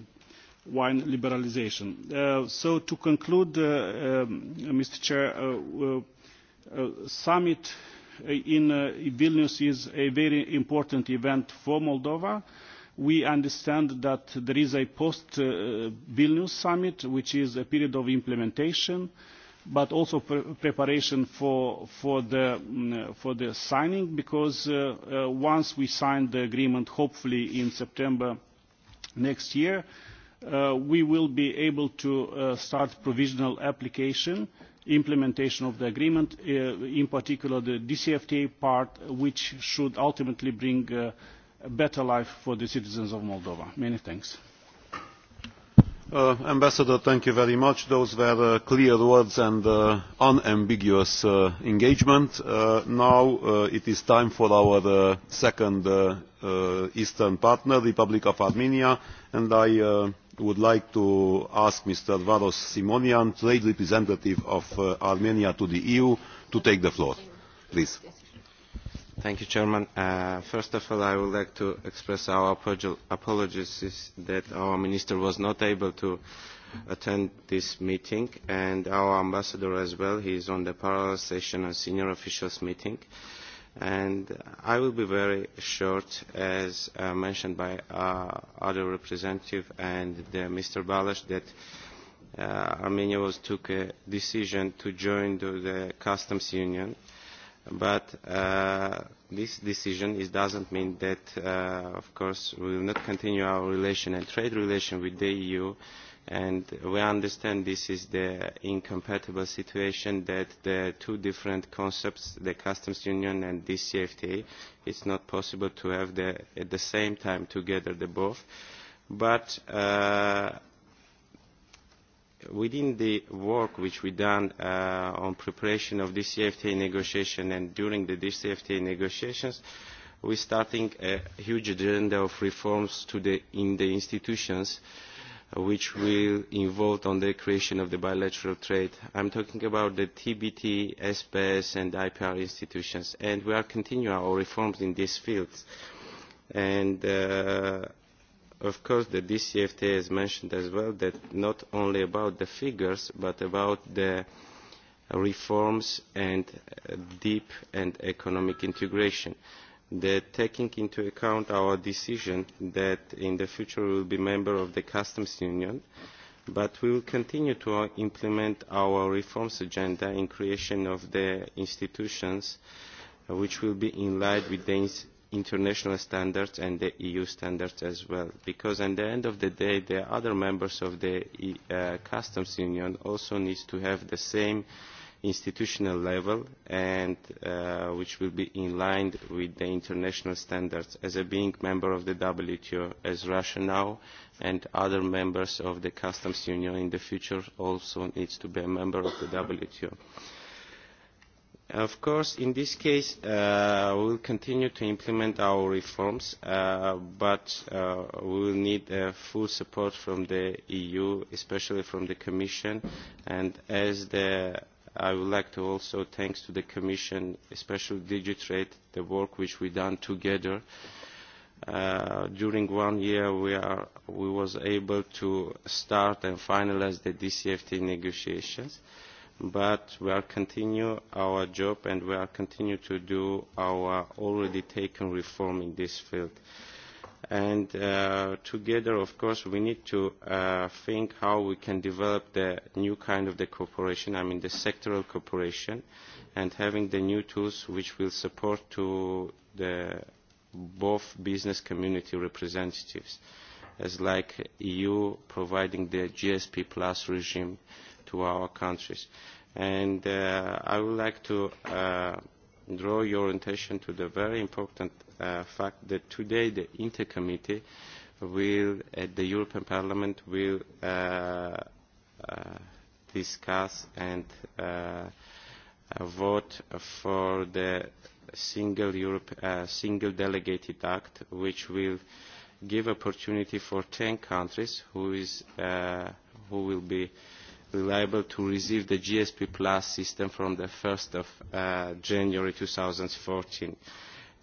wine liberalization. Uh, so to conclude, uh, um, Mr. Chair, uh, uh, Uh, summit uh, uh, in Vilnius is a very important event for Moldova. We understand that there is a post-Vilnius summit, which is a period of implementation, but also pre preparation for, for, the, mm, for the signing, because uh, uh, once we sign the agreement, hopefully in September next year, uh, we will be able to uh, start provisional application uh, implementation of the agreement, uh, in particular the DCFTA part, which should ultimately bring uh, a better life for the citizens of Moldova. Many thanks. Uh, ambassador thank you very much those were uh, clear words and uh, unambiguous uh, engagement. Uh, now uh, it is time for our second eastern partner the republic of armenia and i would like to ask Mr. Varos Simonian, trade representative of uh, Armenia to the EU, to take the floor. Please. Thank you, Chairman. Uh, first of all, I would like to express our apologies that our Minister was not able to attend this meeting, and our Ambassador as well. He is on the parallel session and senior officials meeting. Uh, and uh, I will be very short, as uh, mentioned by uh, other representative and uh, Mr. Balash, that uh, Armenia was took a decision to join the, the customs union, but uh, this decision is, doesn't mean that, uh, of course, we will not continue our relation and trade relation with the EU. Uh, and we understand this is the incompatible situation that the two different concepts, the customs union and DCFTA, it's not possible to have the, at the same time together the both. But uh, within the work which we done uh, on preparation of DCFTA negotiation and during the DCFTA negotiations, we're starting a huge agenda of reforms to the, in the institutions uh, which will involve on the creation of the bilateral trade. I'm talking about the TBT, SPS and IPR institutions and we are continuing our reforms in these fields. And uh, of course the DCFTA has mentioned as well that not only about the figures but about the reforms and uh, deep and economic integration. Uh, that taking into account our decision that in the future we will be member of the customs union, but we will continue to implement our reforms agenda in creation of the institutions uh, which will be in line with the international standards and the EU standards as well. Because at the end of the day, the other members of the e, uh, customs union also need to have the same uh, institutional level and uh, which will be in line with the international standards as a being member of the WTO as Russia now and other members of the customs union in the future also needs to be a member of the WTO. Of course, in this case, uh, we will continue to implement our reforms, uh, but uh, we will need uh, full support from the EU, especially from the Commission, and as the I would like to also thanks to the Commission, especially Digitrade, the work which we done together. Uh, during one year, we, are, we was able to start and finalize the DCFT negotiations, but we are continue our job and we are continue to do our already taken reform in this field. Uh, and uh, together of course we need to uh, think how we can develop the new kind of the cooperation i mean the sectoral cooperation and having the new tools which will support to the both business community representatives as like eu providing the gsp plus regime to our countries and uh, i would like to uh, draw your attention to the very important uh, fact that today the intercommittee will, at the European Parliament will uh, uh, discuss and uh, uh vote for the single, Europe, uh, single delegated act which will give opportunity for 10 countries who, is, uh, who will be uh, liable to receive the GSP Plus system from the 1st of uh, January 2014.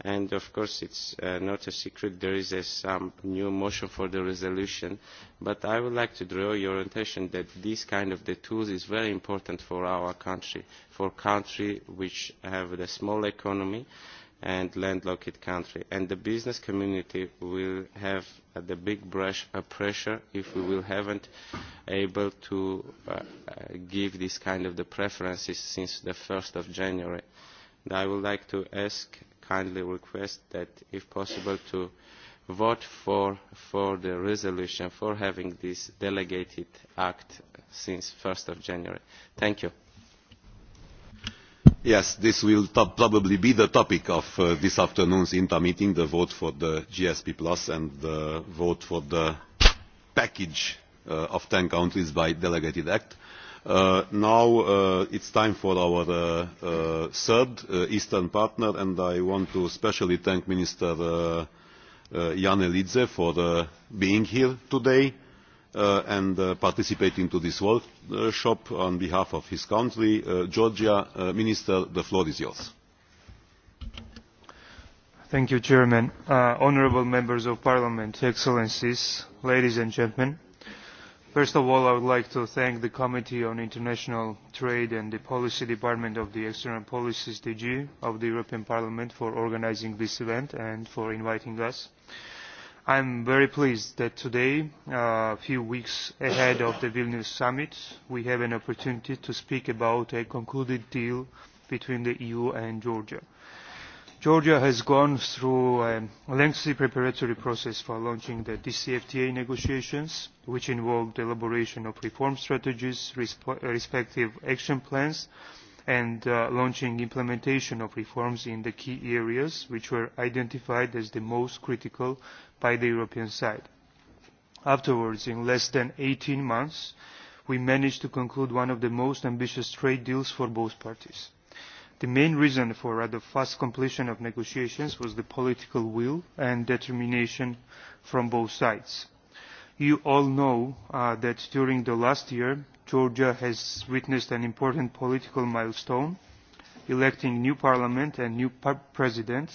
And of course, it's uh, not a secret, there is a, some new motion for the resolution, but I would like to draw your attention that this kind of the tools is very important for our country, for country which have a small economy, uh, and landlocked country. And the business community will have uh, the big brush of uh, pressure if we will haven't able to uh, uh, give this kind of the preferences since the 1st of January. And I would like to ask, kindly request that if possible to vote for, for the resolution for having this delegated act since 1st of January. Thank you yes this will probably be the topic of uh, this afternoon's inta meeting the vote for the gsp plus and the vote for the package uh, of ten countries by delegated act. Uh, now uh, it's time for our uh, uh, third uh, eastern partner and i want to especially thank minister uh, uh, jan elidze for uh, being here today uh, and uh, participating to this workshop uh, on behalf of his country, uh, Georgia. Uh, Minister, the floor is yours. Thank you, Chairman. Uh, honorable members of Parliament, Excellencies, ladies and gentlemen. First of all, I would like to thank the Committee on International Trade and the Policy Department of the External Policies DG of the European Parliament for organizing this event and for inviting us. Uh, i am very pleased that today uh, a uh, few weeks ahead of the vilnius summit we have an opportunity to speak about a concluded deal between the eu and georgia. georgia has gone through a lengthy preparatory process for launching the dcfta negotiations which involved the elaboration of reform strategies resp respective action plans and uh, launching implementation of reforms in the key areas which were identified as the most critical by the European side. Afterwards, in less than 18 months, we managed to conclude one of the most ambitious trade deals for both parties. The main reason for rather fast completion of negotiations was the political will and determination from both sides. You all know uh, that during the last year, Georgia has witnessed an important political milestone, electing new parliament and new par president,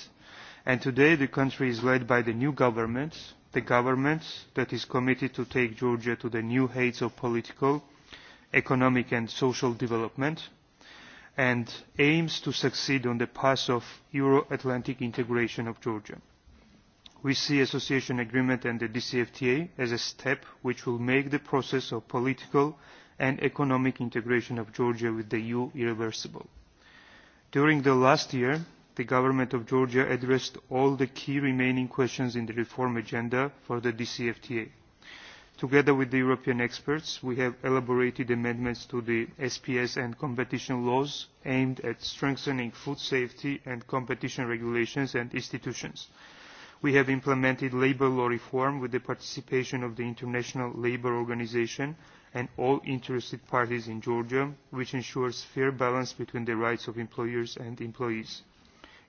and today the country is led by the new government, the government that is committed to take Georgia to the new heights of political, economic and social development, and aims to succeed on the path of Euro-Atlantic integration of Georgia. We see association agreement and the DCFTA as a step which will make the process of political and economic integration of Georgia with the EU irreversible. During the last year, the government of Georgia addressed all the key remaining questions in the reform agenda for the DCFTA. Together with the European experts, we have elaborated amendments to the SPS and competition laws aimed at strengthening food safety and competition regulations and institutions. We have implemented labor law reform with the participation of the International Labour Organization and all interested parties in Georgia, which ensures fair balance between the rights of employers and employees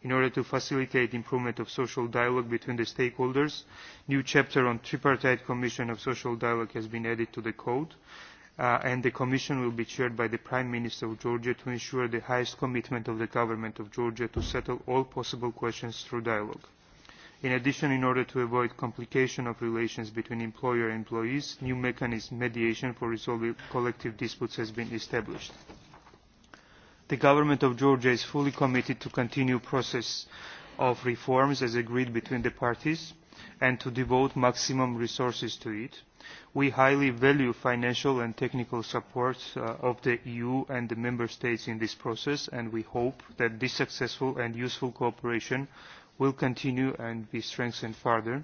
in order to facilitate improvement of social dialogue between the stakeholders. New chapter on tripartite commission of social dialogue has been added to the code. Uh, and the commission will be chaired by the prime minister of georgia to ensure the highest commitment of the government of georgia to settle all possible questions through dialogue. in addition in order to avoid complication of relations between employer and employees a new mechanism mediation for resolving collective disputes has been established the government of Georgia is fully committed to continue process of reforms as agreed between the parties and to devote maximum resources to it. We highly value financial and technical support uh, of the EU and the Member States in this process and we hope that this successful and useful cooperation will continue and be strengthened further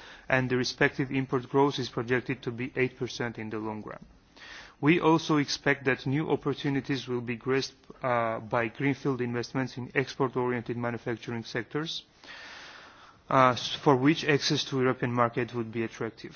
and the respective import growth is projected to be 8% in the long run. We also expect that new opportunities will be grasped uh, by greenfield investments in export-oriented manufacturing sectors, uh, for which access to European market would be attractive.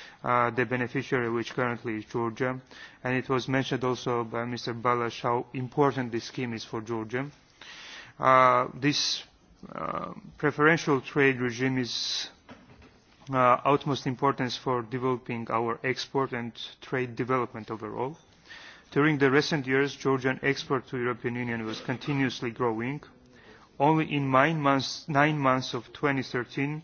uh, the beneficiary, which currently is Georgia. And it was mentioned also by Mr. Balash how important this scheme is for Georgia. Uh, this uh, preferential trade regime is uh, utmost importance for developing our export and trade development overall. During the recent years, Georgian export to European Union was continuously growing. Only in nine months, nine months of 2013,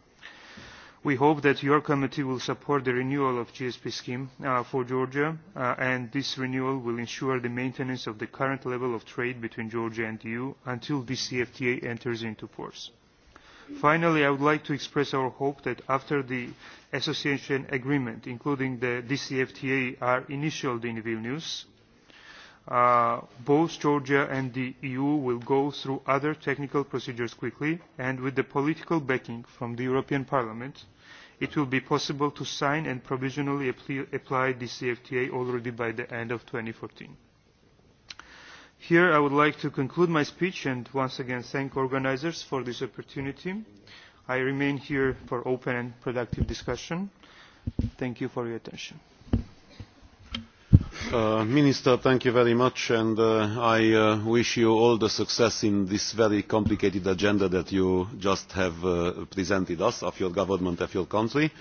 we hope that your committee will support the renewal of the gsp scheme uh, for georgia uh, and this renewal will ensure the maintenance of the current level of trade between georgia and the eu until the cfta enters into force. finally i would like to express our hope that after the association agreement including the dcfta are initialled in vilnius Uh, both Georgia and the EU will go through other technical procedures quickly, and with the political backing from the European Parliament, it will be possible to sign and provisionally apply the CFTA already by the end of 2014. Here I would like to conclude my speech and once again thank organizers for this opportunity. I remain here for open and productive discussion. Thank you for your attention. Uh, minister thank you very much and uh, i uh, wish you all the success in this very complicated agenda that you just have uh, presented us of your government of your country.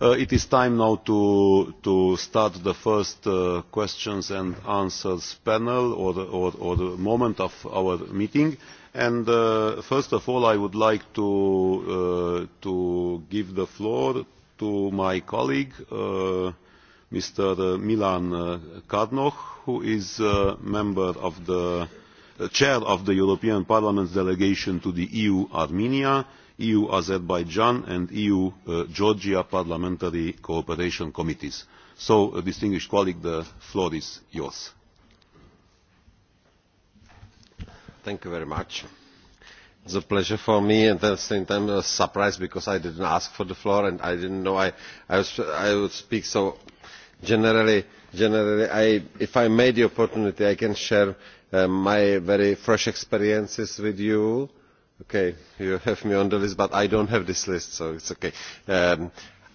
Uh, it is time now to, to start the first uh, questions and answers panel or, or, or moment of our meeting and uh, first of all i would like to, uh, to give the floor to my colleague uh, Mr. Uh, Milan uh, Karnoch, who is uh, member of the uh, chair of the European Parliament's delegation to the EU-Armenia, EU-Azerbaijan and EU-Georgia uh, Parliamentary Cooperation Committees. So, uh, distinguished colleague, the floor is yours. Thank you very much. It's a pleasure for me and at the same time a surprise because I didn't ask for the floor and I didn't know I, I, was, I would speak so generally, generally I, if i may the opportunity i can share uh, my very fresh experiences with you. okay you have me on the list but i do not have this list so it is okay. Um,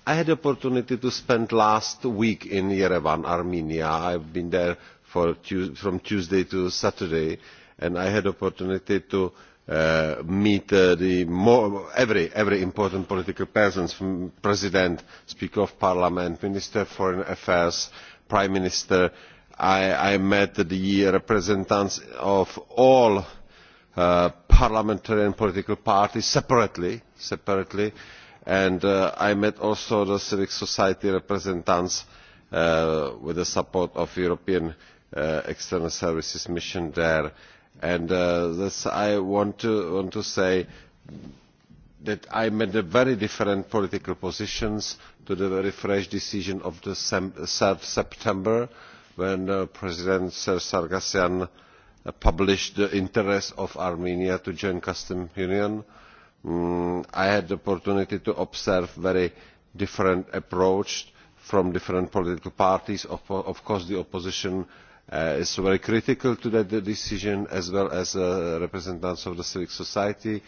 i had the opportunity to spend last week in yerevan armenia. i have been there for, from tuesday to saturday and i had the opportunity to Uh, meet uh, the more, every, every important political person from president speaker of parliament minister of foreign affairs prime minister i, I met the representatives of all uh, parliamentary and political parties separately, separately and uh, i met also the civil society representatives uh, with the support of the european uh, external services mission there And uh, this I want to, want to say that I am in a very different political positions to the very fresh decision of the 3rd September when uh, President Sir Sargassian uh, published the interest of Armenia to join custom union. Mm, I had the opportunity to observe very different approach from different political parties, of, of course the opposition uh, Uh, is very critical to that decision as well as uh, representatives of the civil society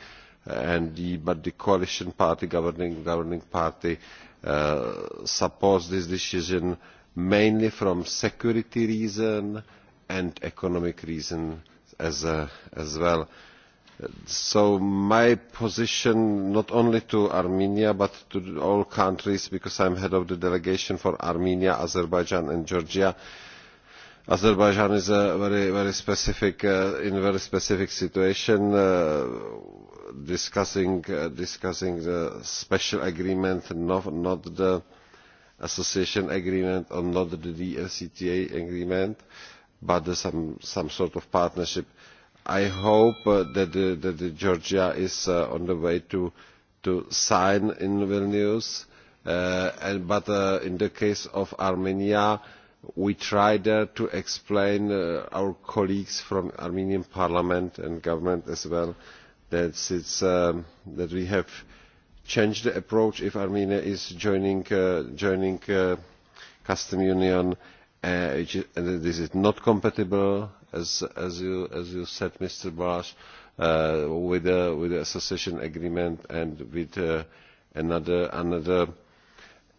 and the, but the coalition party governing governing party uh, supports this decision mainly from security reason and economic reason as uh, as well so my position not only to armenia but to all countries because i'm head of the delegation for armenia azerbaijan and georgia uh, Azerbaijan is a very, very specific, uh, in a very specific situation, uh, discussing, uh, discussing the special agreement, not, not the association agreement or not the DFCTA agreement, but uh, some, some sort of partnership. I hope uh, that, the, that the Georgia is uh, on the way to, to sign in Vilnius, uh, and, but uh, in the case of Armenia, uh, we tried uh, to explain uh, our colleagues from Armenian parliament and government as well that, it's, um, that we have changed the approach if Armenia is joining, uh, joining uh, custom union uh, which is, and this is not compatible as, as, you, as you said Mr. Balash uh, with, uh, with the association agreement and with uh, another, another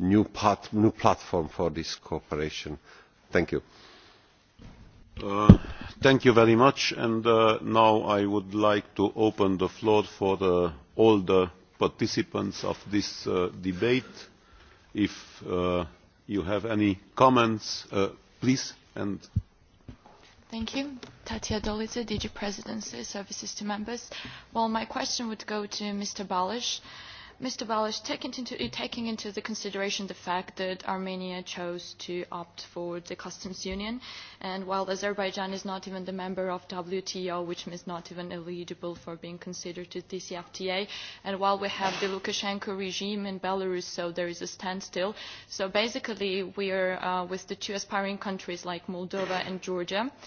new, pat, new platform for this cooperation. Thank you. Uh, thank you very much. And uh, now I would like to open the floor for uh, all the participants of this uh, debate. If uh, you have any comments, uh, please. And Thank you. Tatia Dolita, DG Presidency, Services to Members. Well, my question would go to Mr. Balish. Uh, Mr. Balish, taking into, uh, taking into the consideration the fact that Armenia chose to opt for the customs union, and while Azerbaijan is not even the member of WTO, which means not even eligible for being considered to DCFTA, and while we have the Lukashenko regime in Belarus, so there is a standstill. So basically, we are uh, with the two aspiring countries like Moldova and Georgia. Uh,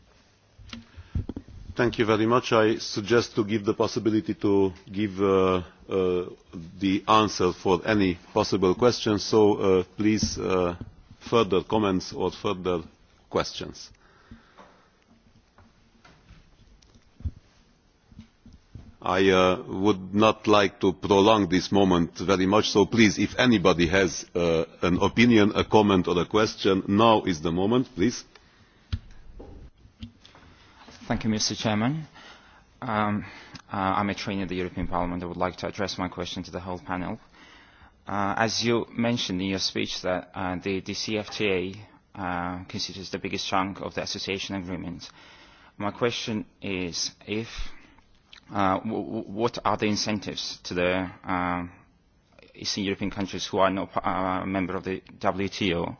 Thank you very much. I suggest to give the possibility to give uh, uh, the answer for any possible question. So uh, please, uh, further comments or further questions. I uh, would not like to prolong this moment very much, so please, if anybody has uh, an opinion, a comment or a question, now is the moment, please. Thank you, Mr. Chairman. Um, uh, I'm a trainee at the European Parliament. I would like to address my question to the whole panel. Uh, as you mentioned in your speech, that uh, the DCFTA uh, considers the biggest chunk of the association agreement. My question is if uh, w what are the incentives to the uh, Eastern European countries who are not uh, a uh, member of the WTO,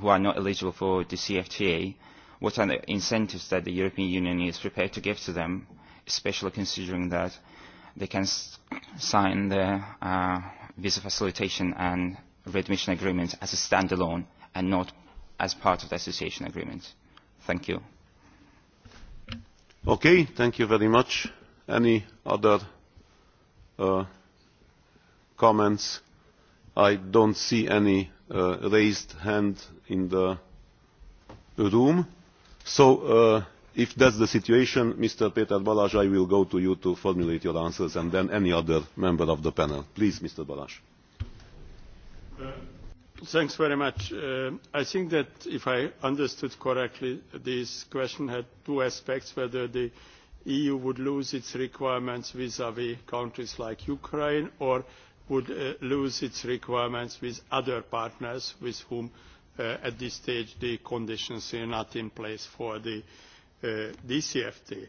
who are not eligible for the CFTA, uh, what are the incentives that the European Union is prepared to give to them, especially considering that they can s sign the uh, visa facilitation and readmission agreement as a standalone and not as part of the association agreement. Thank you. Okay, thank you very much. Any other uh, comments? I don't see any uh, raised hand in the room so uh, if that is the situation mr peter balzs i will go to you to formulate your answers and then any other member of the panel. please mr balzs. Uh, thanks very much. Uh, i think that if i understood correctly this question had two aspects whether the eu would lose its requirements vis vis countries like ukraine or would lose its requirements with other partners with whom uh, at this stage the conditions are not in place for the uh, DCFT.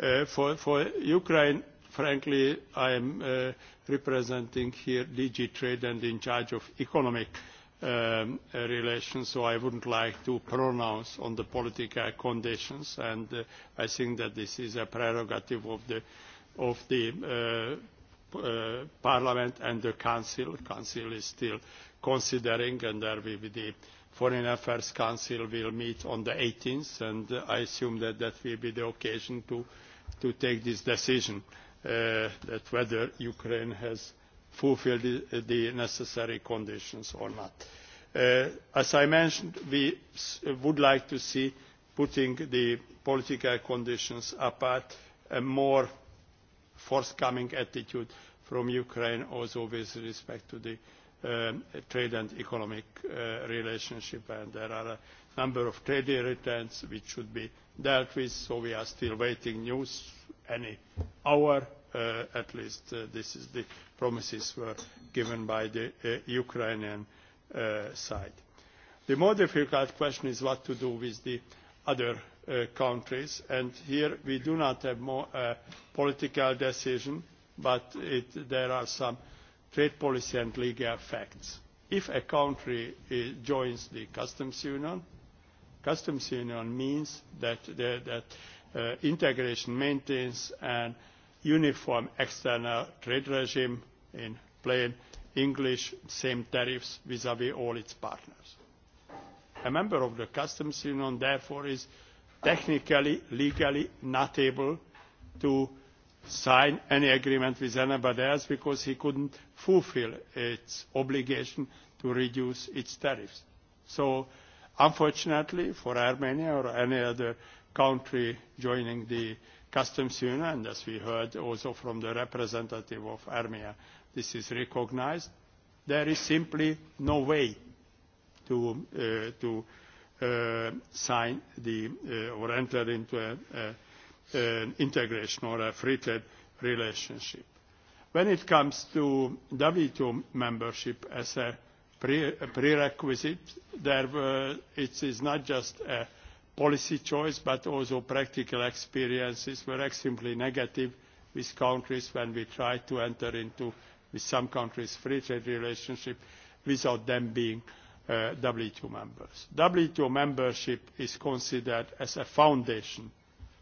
Uh, for, for Ukraine, frankly, I am uh, representing here DG Trade and in charge of economic um, relations, so I wouldn't like to pronounce on the political conditions, and uh, I think that this is a prerogative of the, of the uh, Uh, parliament and the council. the council is still considering and there will be the foreign affairs council will meet on the 18th and i assume that that will be the occasion to to take this decision uh, that whether ukraine has fulfilled the, the necessary conditions or not uh, as i mentioned we would like to see putting the political conditions apart a more forthcoming attitude from ukraine also with respect to the um, trade and economic uh, relationship and there are a number of trade irritants which should be dealt with so we are still waiting news any hour uh, at least uh, this is the promises were given by the uh, Ukrainian uh, side. The more difficult question is what to do with the other uh, countries and here we do not have more uh, political decision but it, there are some uh, trade policy and legal effects. If a country is, eh, joins the customs union, customs union means that, that, that uh, eh, integration maintains an uniform external trade regime in plain English, same tariffs vis-à-vis -vis all its partners. A member of the customs union, therefore, is technically, legally not able to sign any agreement with anybody else because he could not fulfil its obligation to reduce its tariffs. so unfortunately for armenia or any other country joining the customs union and as we heard also from the representative of armenia this is recognised there is simply no way to, uh, to uh, sign the, uh, or enter into a, a an integration or a free trade relationship. When it comes to WTO membership as a pre prerequisite, there were, it is not just a policy choice, but also practical experiences were extremely negative with countries when we tried to enter into, with some countries, free trade relationship without them being uh, WTO members. WTO membership is considered as a foundation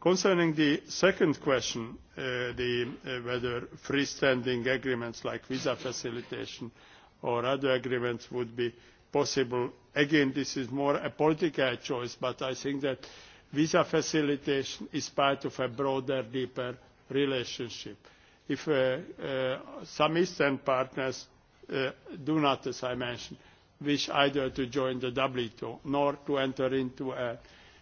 Concerning the second question, uh, the, uh, whether freestanding agreements like visa facilitation or other agreements would be possible, again, this is more a political choice, but I think that visa facilitation is part of a broader, deeper relationship. If uh, uh, some Eastern partners uh, do not, as I mentioned, wish either to join the WTO nor to enter into a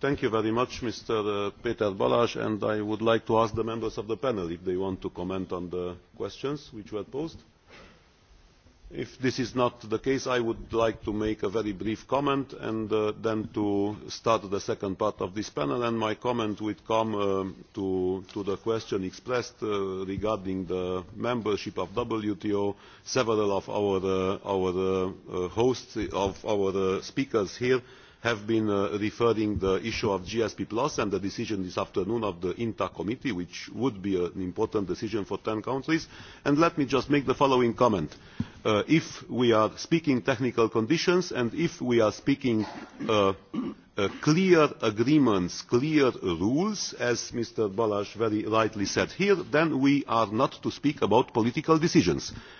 thank you very much mr uh, peter balzs and i would like to ask the members of the panel if they want to comment on the questions which were posed. if this is not the case i would like to make a very brief comment and uh, then to start the second part of this panel and my comment would come uh, to, to the question expressed uh, regarding the membership of wto. several of our, uh, our uh, uh, hosts of our uh, speakers here uh, have been uh, referring the issue of GSP Plus and the decision this afternoon of the INTA committee, which would be an important decision for 10 countries. And let me just make the following comment. Uh, if we are speaking technical conditions and if we are speaking uh, uh, clear agreements, clear rules, as Mr. Balas very rightly said here, then we are not to speak about political decisions. Mm -hmm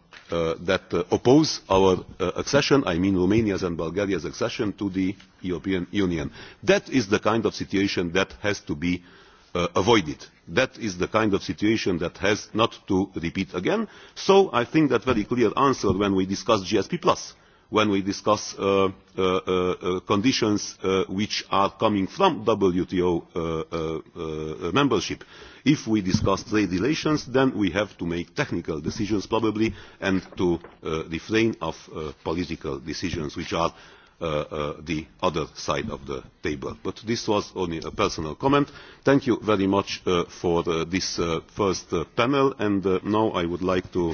uh, that uh, oppose our uh, accession, I mean Romania's and Bulgaria's accession to the European Union. That is the kind of situation that has to be uh, avoided. That is the kind of situation that has not to repeat again. So I think that very clear answer when we discuss GSP Plus, when we discuss uh, uh, uh, uh, conditions uh, which are coming from WTO uh, uh, uh, membership. Uh, If we discuss trade relations, then we have to make technical decisions probably and to uh, refrain of uh, political decisions which are uh, uh, the other side of the table. But this was only a personal comment. Thank you very much uh, for uh, this uh, first uh, panel and uh, now I would like to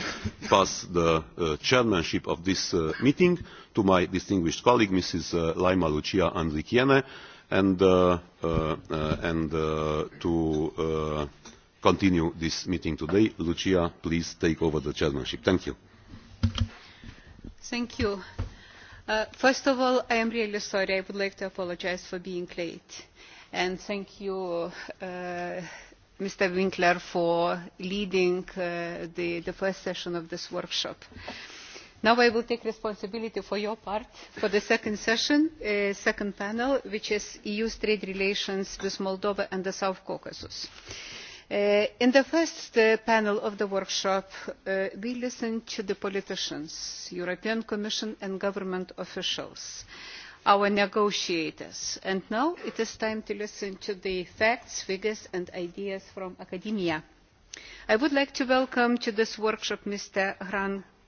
pass the uh, chairmanship of this uh, meeting to my distinguished colleague Mrs. Uh, Laima Lucia Andrikiene and, uh, uh, and uh, to uh, continue this meeting today. Lucia, please take over the chairmanship. Thank you. Thank you. Uh, first of all, I am really sorry. I would like to apologize for being late. And thank you, uh, Mr. Winkler, for leading uh, the, the first session of this workshop. Uh, now i will take responsibility for your part for the second session the uh, second panel which is the eu's trade relations with moldova and the south caucasus. Uh, in the first uh, panel of the workshop uh, we listened to the politicians european commission and government officials our negotiators and now it is time to listen to the facts figures and ideas from academia. i would like to welcome to this workshop mr hrant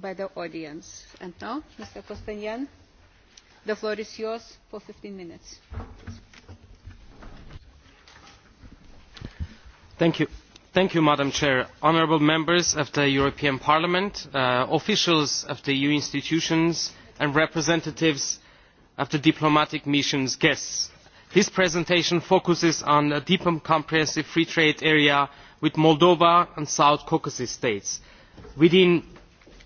by the audience. And now, Mr. Kostanyan, the floor is yours for 15 minutes. Thank you. Thank you, Madam Chair. Honourable members of the European Parliament, uh, officials of the EU institutions and representatives of the diplomatic missions guests. This presentation focuses on a deep and comprehensive free trade area with Moldova and South Caucasus states. Within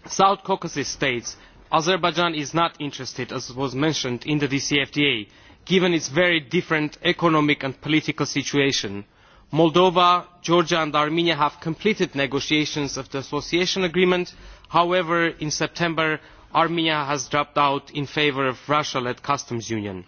south caucasus states azerbaijan is not interested as was mentioned in the dcfta given its very different economic and political situation. moldova georgia and armenia have completed negotiations of the association agreement. however in september armenia has dropped out in favour of russia led customs union.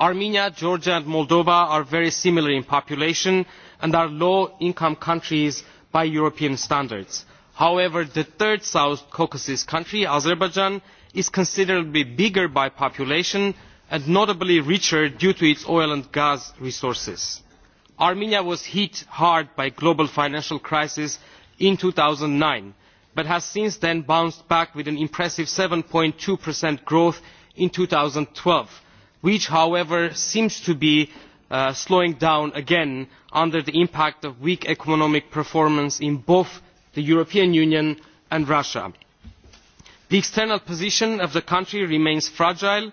armenia georgia and moldova are very similar in population and are low income countries by european standards however the third south caucasus country azerbaijan is considerably bigger by population and notably richer due to its oil and gas resources. armenia was hit hard by the global financial crisis in two thousand and nine but has since then bounced back with an impressive. seven two growth in two thousand and twelve which however seems to be uh, slowing down again under the impact of weak economic performance in both the european union and russia. the external position of the country remains fragile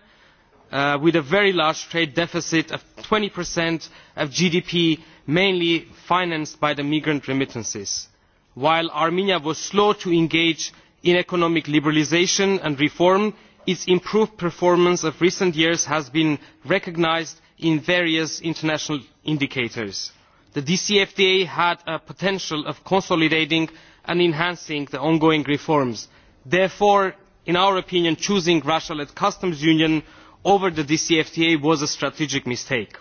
uh, with a very large trade deficit of twenty of gdp mainly financed by the migrant remittances. while armenia was slow to engage in economic liberalisation and reform its improved performance of recent years has been recognised in various international indicators the dcfta had a potential of consolidating and enhancing the ongoing reforms. therefore in our opinion choosing russia led customs union over the dcfta was a strategic mistake.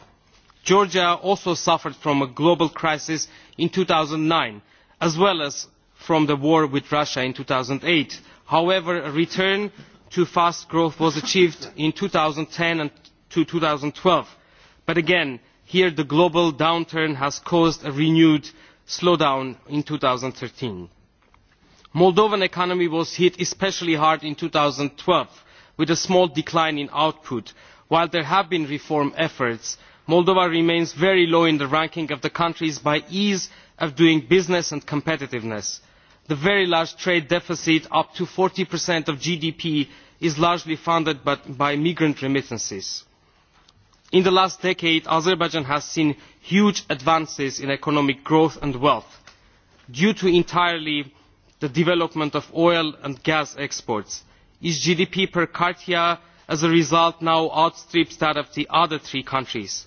georgia also suffered from a global crisis in two thousand and nine as well as from the war with russia in. two thousand and eight however a return to fast growth was achieved in two thousand and ten and two thousand and twelve but again here the global downturn has caused a renewed slowdown in. two thousand and thirteen the moldovan economy was hit especially hard in two thousand and twelve with a small decline in output. while there have been reform efforts moldova remains very low in the ranking of the countries by ease of doing business and competitiveness. the very large trade deficit up to forty of gdp is largely funded by migrant remittances in the last decade azerbaijan has seen huge advances in economic growth and wealth due entirely to the development of oil and gas exports. its gdp per capita as a result now outstrips that of the other three countries.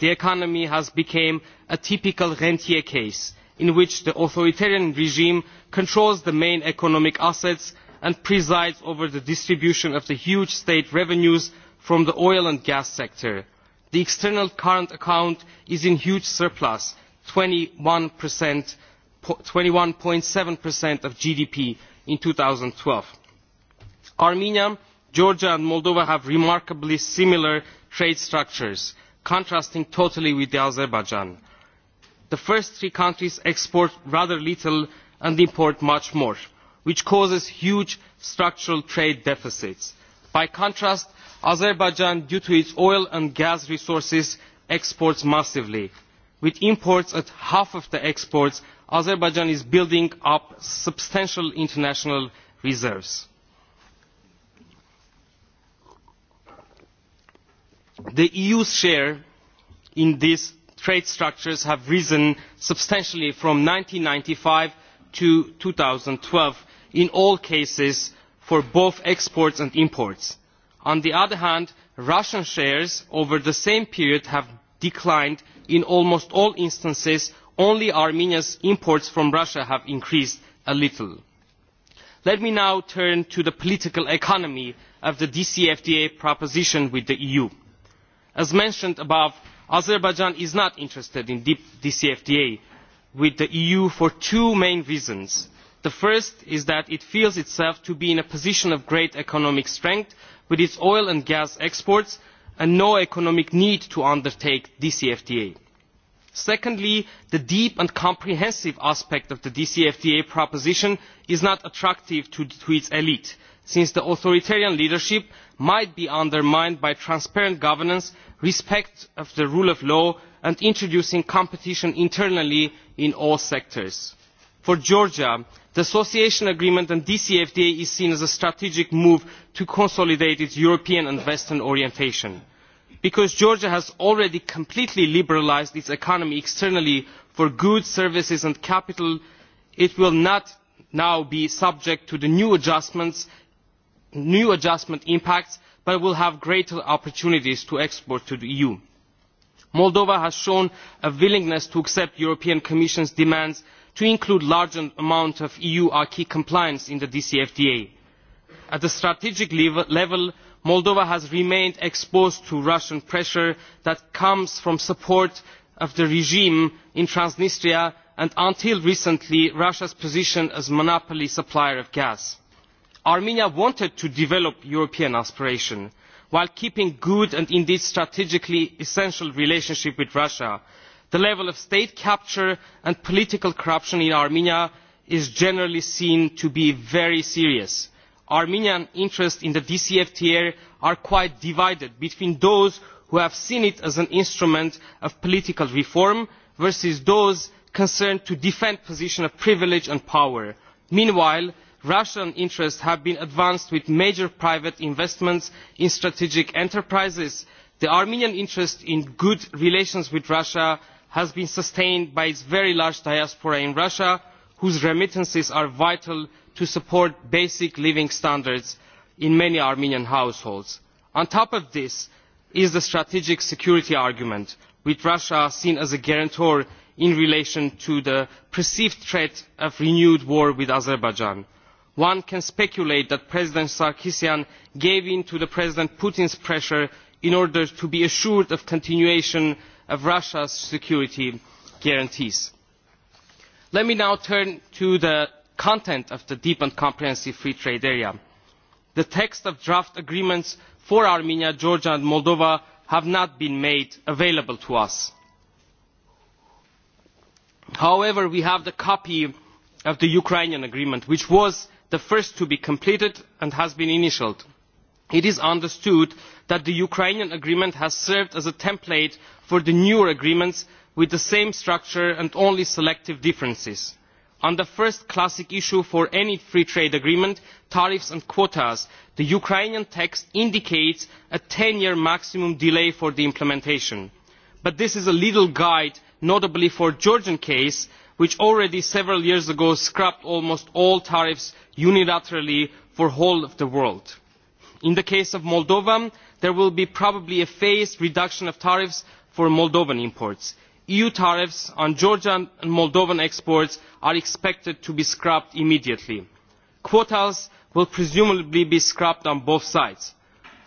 the economy has become a typical rentier case in which the authoritarian regime controls the main economic assets and presides over the distribution of the huge state revenues from the oil and gas sector. the external current account is in huge surplus twenty one seven of gdp in. two thousand and twelve armenia georgia and moldova have remarkably similar trade structures contrasting totally with azerbaijan. the first three countries export rather little and import much more which causes huge structural trade deficits. by contrast azerbaijan due to its oil and gas resources exports massively. with imports at half of the exports azerbaijan is building up substantial international reserves. the eu's share in these trade structures has risen substantially from one thousand nine hundred and ninety five to two thousand and twelve in all cases for both exports and imports on the other hand russian shares over the same period have declined in almost all instances only armenia's imports from russia have increased a little. let me now turn to the political economy of the dcfta proposition with the eu. as mentioned above azerbaijan is not interested in the dcfta with the eu for two main reasons. the first is that it feels itself to be in a position of great economic strength with its oil and gas exports and no economic need to undertake dcfta. secondly the deep and comprehensive aspect of the dcfta proposition is not attractive to, to its elite since the authoritarian leadership might be undermined by transparent governance respect for the rule of law and introducing competition internally in all sectors for georgia the association agreement and dcfta is seen as a strategic move to consolidate its european and western orientation. because georgia has already completely liberalised its economy externally for goods services and capital it will not now be subject to the new adjustments new adjustment impacts but will have greater opportunities to export to the eu. moldova has shown a willingness to accept the european commission's demands to include a large amount of eu acquis compliance in the dcfta. at the strategic level moldova has remained exposed to russian pressure that comes from support of the regime in transnistria and until recently russia's position as a monopoly supplier of gas. armenia wanted to develop european aspirations while keeping good and indeed strategically essential relationships with russia the level of state capture and political corruption in armenia is generally seen to be very serious. armenian interests in the dcfta are quite divided between those who have seen it as an instrument of political reform versus those concerned to defend positions of privilege and power. meanwhile russian interests have been advanced with major private investments in strategic enterprises. the armenian interest in good relations with russia has been sustained by its very large diaspora in russia whose remittances are vital to support basic living standards in many armenian households. on top of this is the strategic security argument with russia seen as a guarantor in relation to the perceived threat of renewed war with azerbaijan. one can speculate that president sargsyan gave in to president putin's pressure in order to be assured of the continuation of russia's security guarantees. let me now turn to the content of the deep and comprehensive free trade area. the text of draft agreements for armenia georgia and moldova have not been made available to us. however we have the copy of the ukrainian agreement which was the first to be completed and has been initialled. it is understood that the ukrainian agreement has served as a template for the newer agreements with the same structure and only selective differences. on the first classic issue for any free trade agreement tariffs and quotas the ukrainian text indicates a ten year maximum delay for the implementation but this is a little guide notably for the georgian case which already several years ago scrapped almost all tariffs unilaterally for the whole of the world. in the case of moldova there will be probably a phased reduction of tariffs for moldovan imports. eu tariffs on georgian and moldovan exports are expected to be scrapped immediately. quotas will presumably be scrapped on both sides.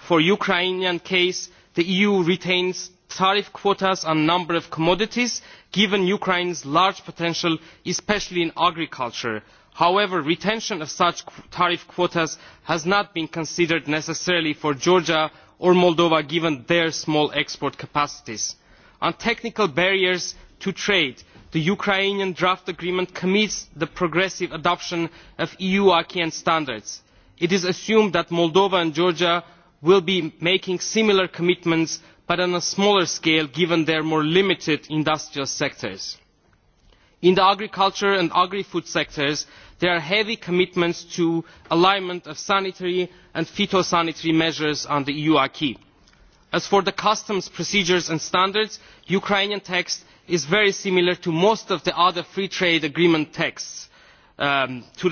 for the ukrainian case the eu retains tariff quotas on a number of commodities given ukraine's large potential especially in agriculture. however retention of such tariff quotas has not been considered necessary for georgia or moldova given their small export capacities. on technical barriers to trade the ukrainian draft agreement commits the progressive adoption of eu acquis standards. it is assumed that moldova and georgia will be making similar commitments but on a smaller scale given their more limited industrial sectors in the agriculture and agri food sectors there are heavy commitments to alignment of sanitary and phytosanitary measures on the eu acquis. as for the customs procedures and standards the ukrainian text is very similar to most of the other free trade agreement texts um, to,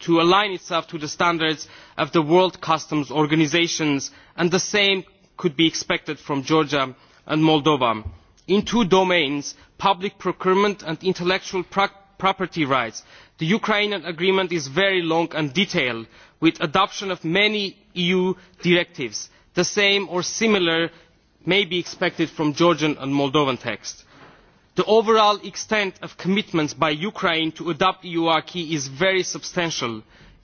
to align itself to the standards of the world customs organisations and the same could be expected from georgia and moldova in two domains public procurement and intellectual property rights. the ukrainian agreement is very long and detailed with the adoption of many eu directives. the same or similar may be expected from georgian and moldovan texts. the overall extent of commitments by ukraine to adopt eu acquis is very substantial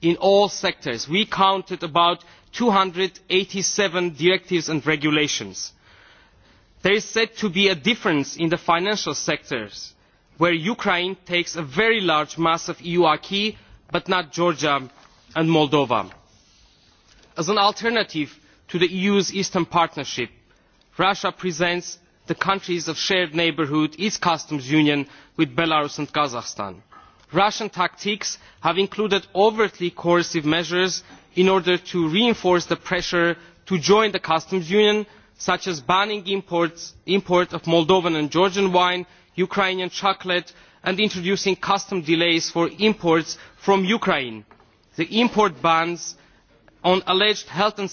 in all sectors. we counted about two hundred and eighty seven directives and regulations there is said to be a difference in the financial sectors where ukraine takes a very large mass of eu acquis but not georgia and moldova. as an alternative to the eu's eastern partnership russia presents the countries of shared neighbourhood its customs union with belarus and kazakhstan. russian tactics have included overtly coercive measures in order to reinforce the pressure to join the customs union such as banning the import of moldovan and georgian wine ukrainian chocolate and introducing customs delays for imports from ukraine. the import bans on alleged health and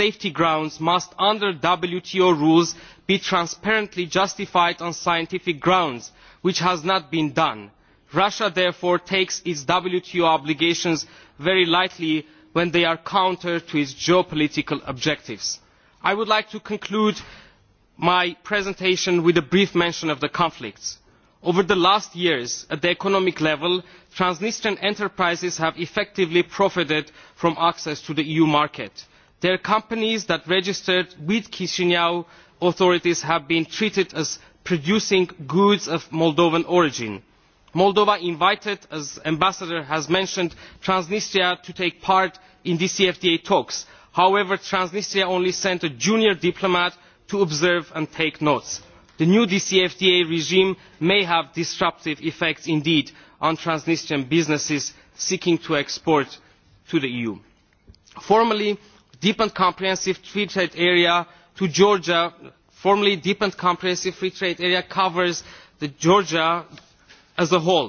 safety grounds must under wto rules be transparently justified on scientific grounds which has not been done. russia therefore takes its wto obligations very lightly when they are counter to its geopolitical objectives i would like to conclude my presentation with a brief mention of the conflicts. over the last years at economic level transnistrian enterprises have effectively profited from access to the eu market. their companies that registered with chiinu authorities have been treated as producing goods of moldovan origin. moldova invited as the ambassador has mentioned transnistria to take part in dcfta talks however transnistria only sent a junior diplomat to observe and take notes. the new dcfta regime may have disruptive effects indeed on transnistrian businesses seeking to export to the eu. formally deep and comprehensive free trade area to georgia formally deep and comprehensive free trade area covers georgia as a whole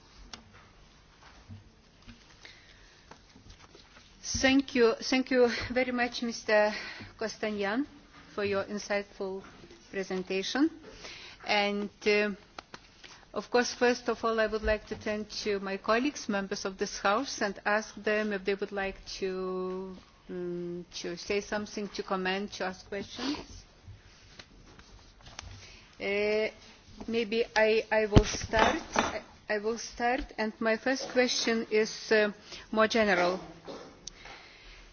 Thank you, thank you very much, Mr. Kostanyan, for your insightful presentation. And uh, of course, first of all, I would like to turn to my colleagues, members of this House, and ask them if they would like to, um, to say something, to comment, to ask questions. Uh, maybe I, I will start. I, I will start, and my first question is uh, more general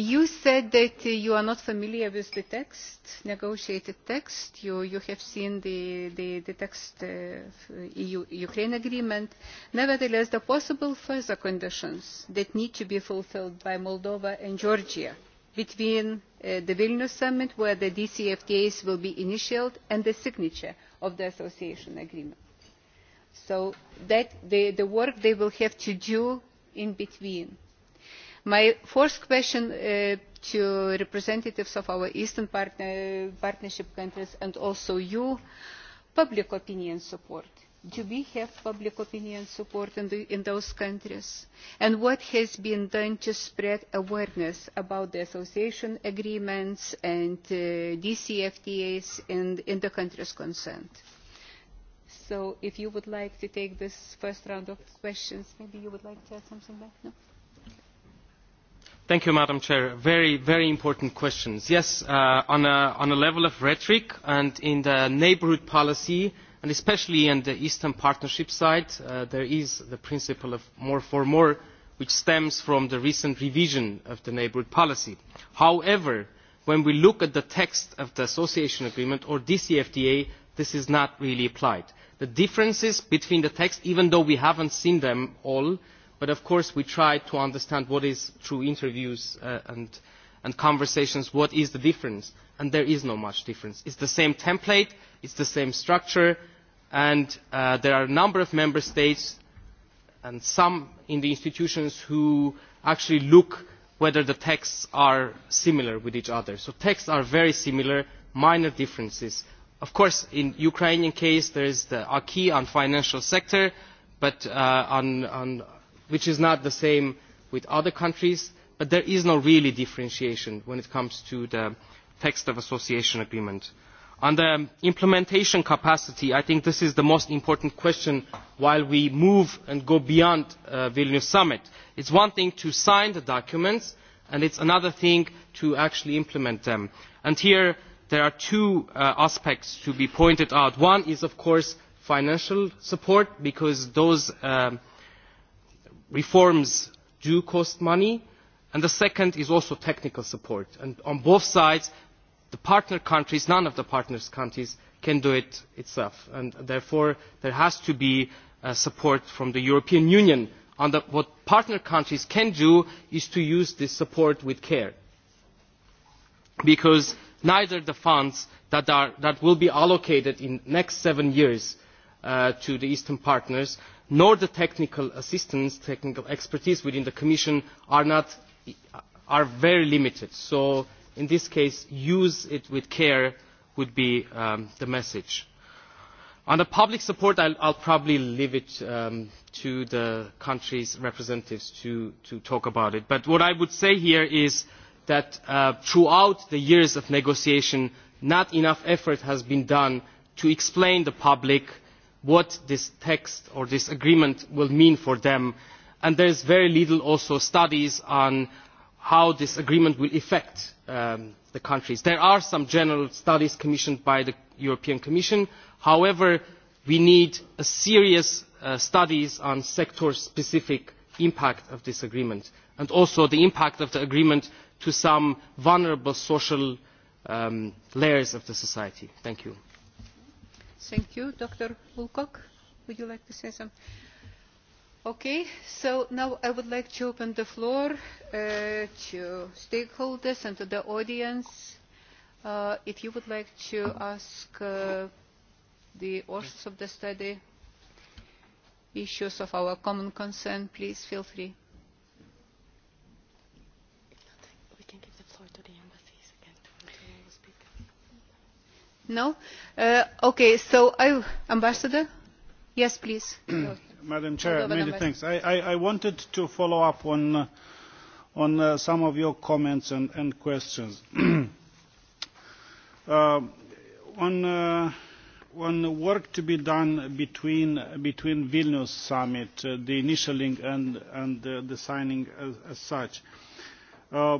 you said that you are not familiar with the text, negotiated text. You, you have seen the, the, the text uh, EU-Ukraine agreement. Nevertheless, the possible further conditions that need to be fulfilled by Moldova and Georgia between uh, the Vilnius summit, where the DCFTAs will be initialed, and the signature of the association agreement. So that the, the work they will have to do in between my fourth question uh, to representatives of our eastern partner, partnership countries and also you public opinion support. Do we have public opinion support in, the, in those countries? And what has been done to spread awareness about the association agreements and uh, DCFTAs in, in the countries concerned? So if you would like to take this first round of questions, maybe you would like to add something back? No? You, madam president very very important questions. yes uh, on, a, on a level of rhetoric and in the neighbourhood policy and especially on the eastern partnership side uh, there is the principle of more for more which stems from the recent revision of the neighbourhood policy. however when we look at the text of the association agreement or dcfta this is not really applied. the differences between the texts even though we have not seen them all but of course we try to understand what is through interviews uh, and, and conversations what is the difference and there is not much difference. it is the same template it is the same structure and uh, there are a number of member states and some in the institutions who actually look whether the texts are similar with each other. so texts are very similar minor differences. of course in the ukrainian case there is the acquis on the financial sector but uh, on, on which is not the same with other countries but there is no real differentiation when it comes to the text of association agreement. on the implementation capacity i think this is the most important question while we move and go beyond the uh, vilnius summit. it is one thing to sign the documents and it is another thing to actually implement them. And here there are two uh, aspects to be pointed out. one is of course financial support because those um, reforms do cost money and the second is also technical support and on both sides the partner countries none of the partner countries can do it itself and therefore there has to be uh, support from the european union and what partner countries can do is to use this support with care because neither the funds that, are, that will be allocated in the next seven years uh, to the eastern partners nor the technical assistance technical expertise within the commission are, not, are very limited so in this case use it with care would be um, the message. On the public support, I'll, I'll probably leave it um, to the country's representatives to, to talk about it. But what I would say here is that uh, throughout the years of negotiation, not enough effort has been done to explain the public uh, what this text or this agreement will mean for them and there are very little also studies on how this agreement will affect um, the countries. There are some general studies commissioned by the European Commission. However, we need a serious uh, studies on sector-specific impact of this agreement and also the impact of the agreement to some vulnerable social um, layers of the society. Thank you. Thank you. Dr. Wilcock, would you like to say something? Okay, so now I would like to open the floor uh, to stakeholders and to the audience. Uh, if you would like to ask uh, the authors of the study issues of our common concern, please feel free. No? Uh, okay, so I, Ambassador? Yes, please. [clears throat] Madam Chair, many thanks. I, I, I wanted to follow up on, uh, on uh, some of your comments and, and questions. [clears throat] uh, on, uh, on work to be done between, between Vilnius summit, uh, the initialing and, and uh, the signing as, as such. Uh, uh,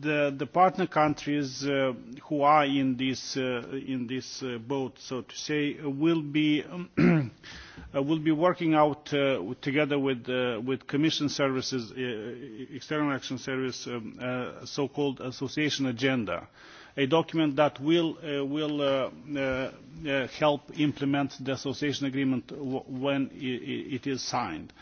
the, the partner countries uh, who are in this, uh, in this uh, boat, so to say, will be, [clears throat] uh, will be working out uh, together with, uh, with Commission services, uh, External Action Service, um, uh, so-called association agenda. Uh, a document that will, uh, will uh, uh, uh, help implement the association agreement w when it, it is signed. Uh,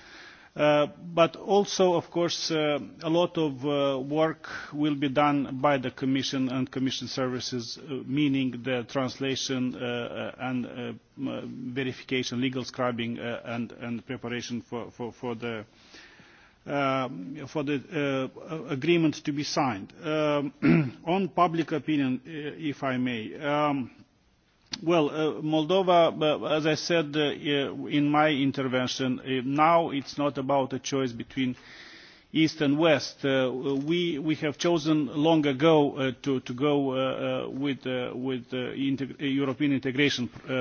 Uh, but also, of course, uh, a lot of uh, work will be done by the Commission and Commission services, uh, meaning the translation uh, uh and uh, verification, legal scribing, uh, and, and preparation for, for, for the, uh, for the uh, agreement to be signed. Um, [clears throat] on public opinion, uh, if I may. Um, Well, uh, Moldova, uh, as I said uh, in my intervention, uh, now it's not about a choice between east and west. Uh, we, we have chosen long ago uh, to, to go uh, uh, with, uh, with uh, integ uh, European integration uh,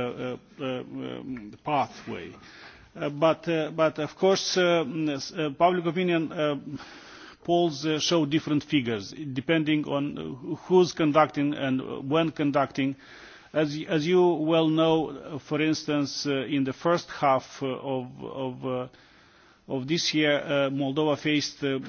uh, um, pathway. Uh, but, uh, but of course, uh, uh, public opinion uh, polls uh, show different figures depending on who's conducting and when conducting uh, As, as you well know, for instance, uh, in the first half uh, of, of, uh, of this year, uh, Moldova faced uh,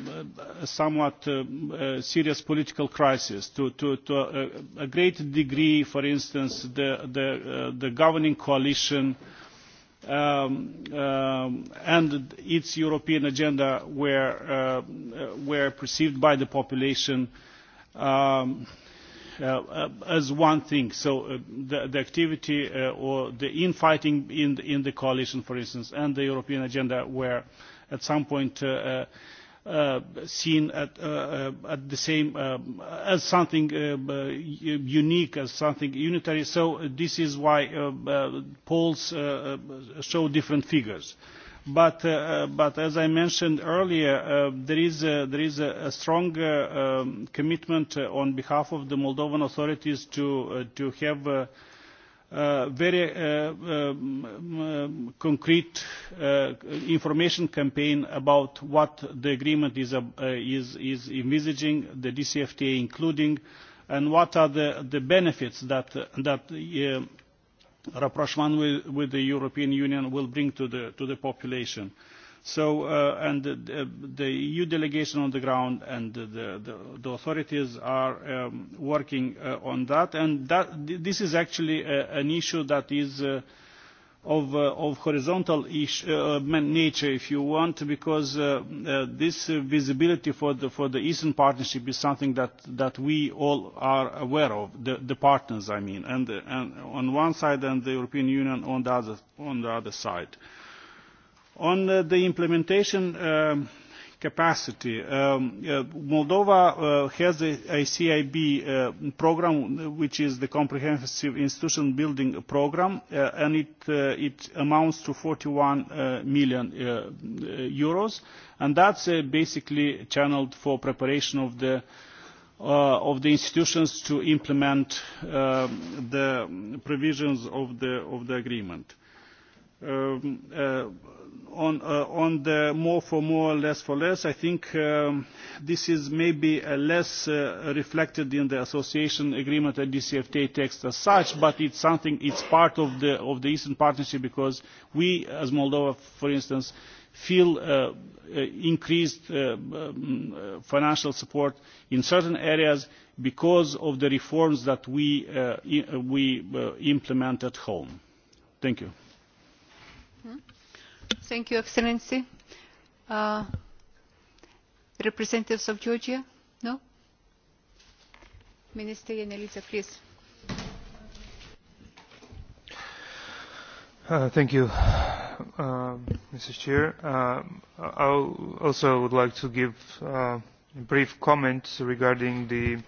a somewhat uh, uh, serious political crisis. To, to, to a, a great degree, for instance, the, the, uh, the governing coalition uh, um, um, and its European agenda were, uh, were perceived by the population um, Uh, uh, as one thing. So uh, the, the activity uh, or the infighting in the, in the coalition, for instance, and the European agenda were at some point uh, uh, uh seen at, uh, uh, at the same um, as something uh, unique, as something unitary. So this is why uh, uh, polls uh, show different figures. Uh, But, uh, uh, but as I mentioned earlier, uh, there is a, there is a, a strong uh, um, commitment uh, on behalf of the Moldovan authorities to, uh, to have uh, uh, very uh, um, uh, concrete uh, information campaign about what the agreement is, uh, is, is envisaging, the DCFTA including, and what are the, the benefits that, that uh, rapprochement with, with the European Union will bring to the, to the population. So, uh, and the, the EU e delegation on the ground and the, the, the authorities are um, working uh, on that. And that, this is actually a, an issue that is uh, of, uh, of horizontal ish, uh, nature, if you want, because uh, uh, this uh, visibility for the, for the Eastern Partnership is something that, that we all are aware of, the, the partners, I mean, and, and on one side and the European Union on the other, on the other side. On uh, the implementation, um, uh, capacity. Um, uh, Moldova uh, has a, a CIB uh, program, which is the Comprehensive Institution Building Program, uh, and it, uh, it amounts to 41 uh, million uh, uh, euros, and that's uh, basically channeled for preparation of the uh, of the institutions to implement uh, the provisions of the of the agreement. Um, uh, on, uh, on the more for more, less for less, I think um, this is maybe uh, less uh, reflected in the association agreement and DCFTA text as such, but it's something, it's part of the, of the Eastern Partnership because we, as Moldova, for instance, feel uh, uh increased uh, um, financial support in certain areas because of the reforms that we, uh, we uh, implement at home. Thank you. Thank you, Excellency. Uh, representatives of Georgia? No? Minister Yanelisa, please. Uh, thank you, uh, Mrs. Chair. Uh, I also would like to give uh, a brief comment regarding the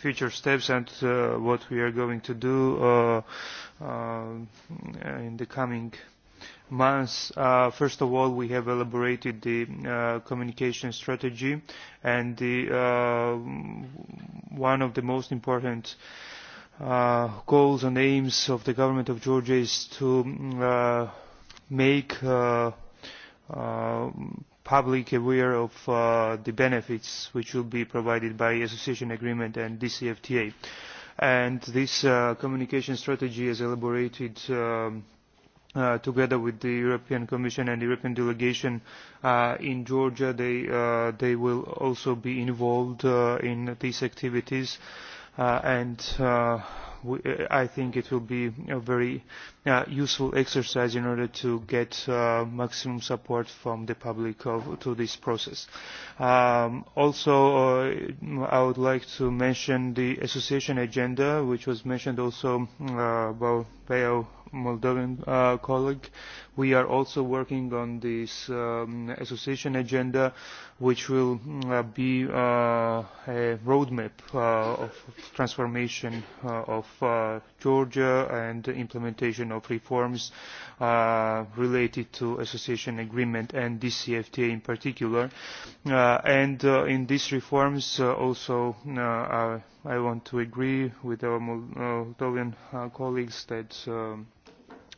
future steps and uh, what we are going to do uh, uh, in the coming uh, months, uh, first of all, we have elaborated the uh, communication strategy, and the, uh, one of the most important uh, goals and aims of the government of Georgia is to uh, make uh, uh, public aware of uh, the benefits which will be provided by association agreement and DCFTA. And this uh, communication strategy is elaborated um, uh, together with the European Commission and the European delegation uh, in Georgia. They, uh, they will also be involved uh, in these activities. Uh, and uh, we, uh, I think it will be a very uh, useful exercise in order to get uh, maximum support from the public of, to this process. Um, also, uh, I would like to mention the association agenda, which was mentioned also uh, by, by Moldovan uh, colleague. We are also working on this um, association agenda, which will mm, uh, be uh, a roadmap uh, of transformation uh, of uh, Georgia and implementation of reforms uh, related to association agreement and DCFTA in particular. Uh, and uh, in these reforms uh, also uh, I, I want to agree with our uh, Moldovan uh, colleagues that um,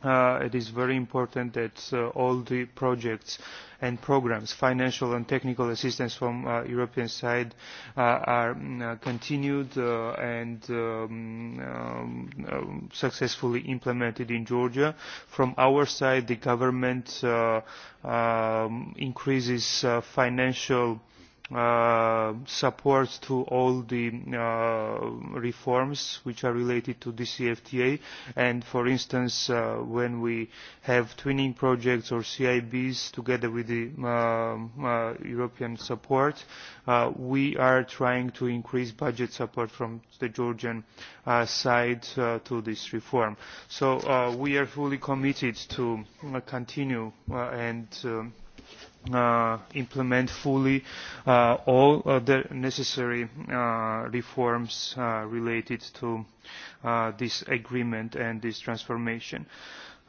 Uh, it is very important that uh, all the projects and programs, financial and technical assistance from uh, European side uh, are mm, uh, continued uh, and um, um, uh, successfully implemented in Georgia. From our side, the government uh, um, increases uh, financial uh, uh, support to all the uh, reforms which are related to DCFTA and for instance uh, when we have twinning projects or CIBs together with the uh, uh, European support uh, we are trying to increase budget support from the Georgian uh, side uh, to this reform. So uh, we are fully committed to uh, continue uh, and um, uh, uh, implement fully uh, all uh, the necessary uh, reforms uh, related to uh, this agreement and this transformation.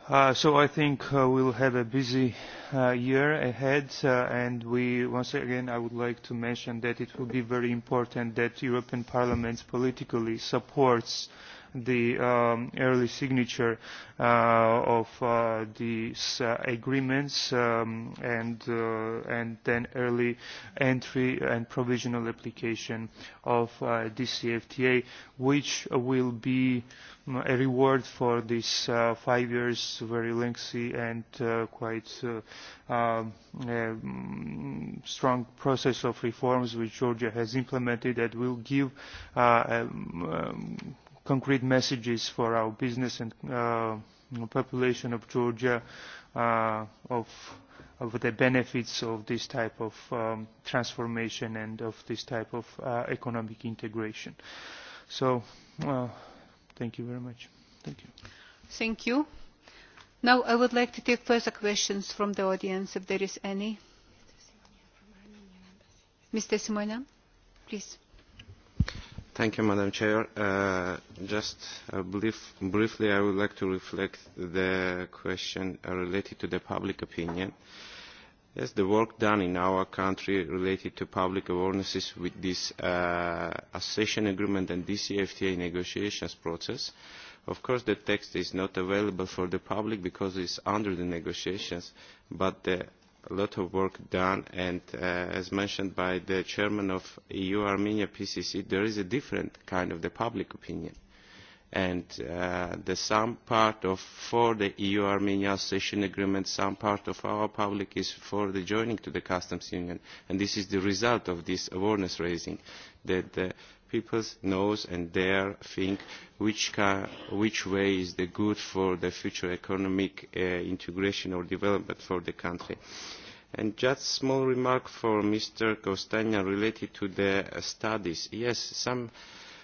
Uh, so I think uh, we'll have a busy uh, year ahead uh, and we, once again I would like to mention that it will be very important that European Parliament politically supports uh, the um, early signature uh, of uh, these uh, agreements um, and, uh, and then early entry and provisional application of uh, DCFTA, which will be mm, a reward for these uh, five years, very lengthy and uh, quite uh, uh, um, mm, strong process of reforms which Georgia has implemented that will give uh, mm, um, concrete messages for our business and uh, population of Georgia uh, of, of the benefits of this type of um, transformation and of this type of uh, economic integration. So, uh, thank you very much. Thank you. Thank you. Now I would like to take further questions from the audience, if there is any. Mr. Simonian, please. Thank you, Madam Chair. Uh, just uh, brief, briefly, I would like to reflect the question uh, related to the public opinion. Yes, the work done in our country related to public awarenesses with this uh, accession agreement and DCFTA e negotiations process. Of course, the text is not available for the public because it's under the negotiations, but the a lot of work done and uh, as mentioned by the chairman of EU-Armenia PCC, there is a different kind of the public opinion. And uh, the some part of for the EU-Armenia accession agreement, some part of our public is for the joining to the customs union. And this is the result of this awareness raising that the people knows and dare think which, ca which way is the good for the future economic uh, integration or development for the country. Uh, And just a small remark for Mr. Costagna related to the studies. Yes, some,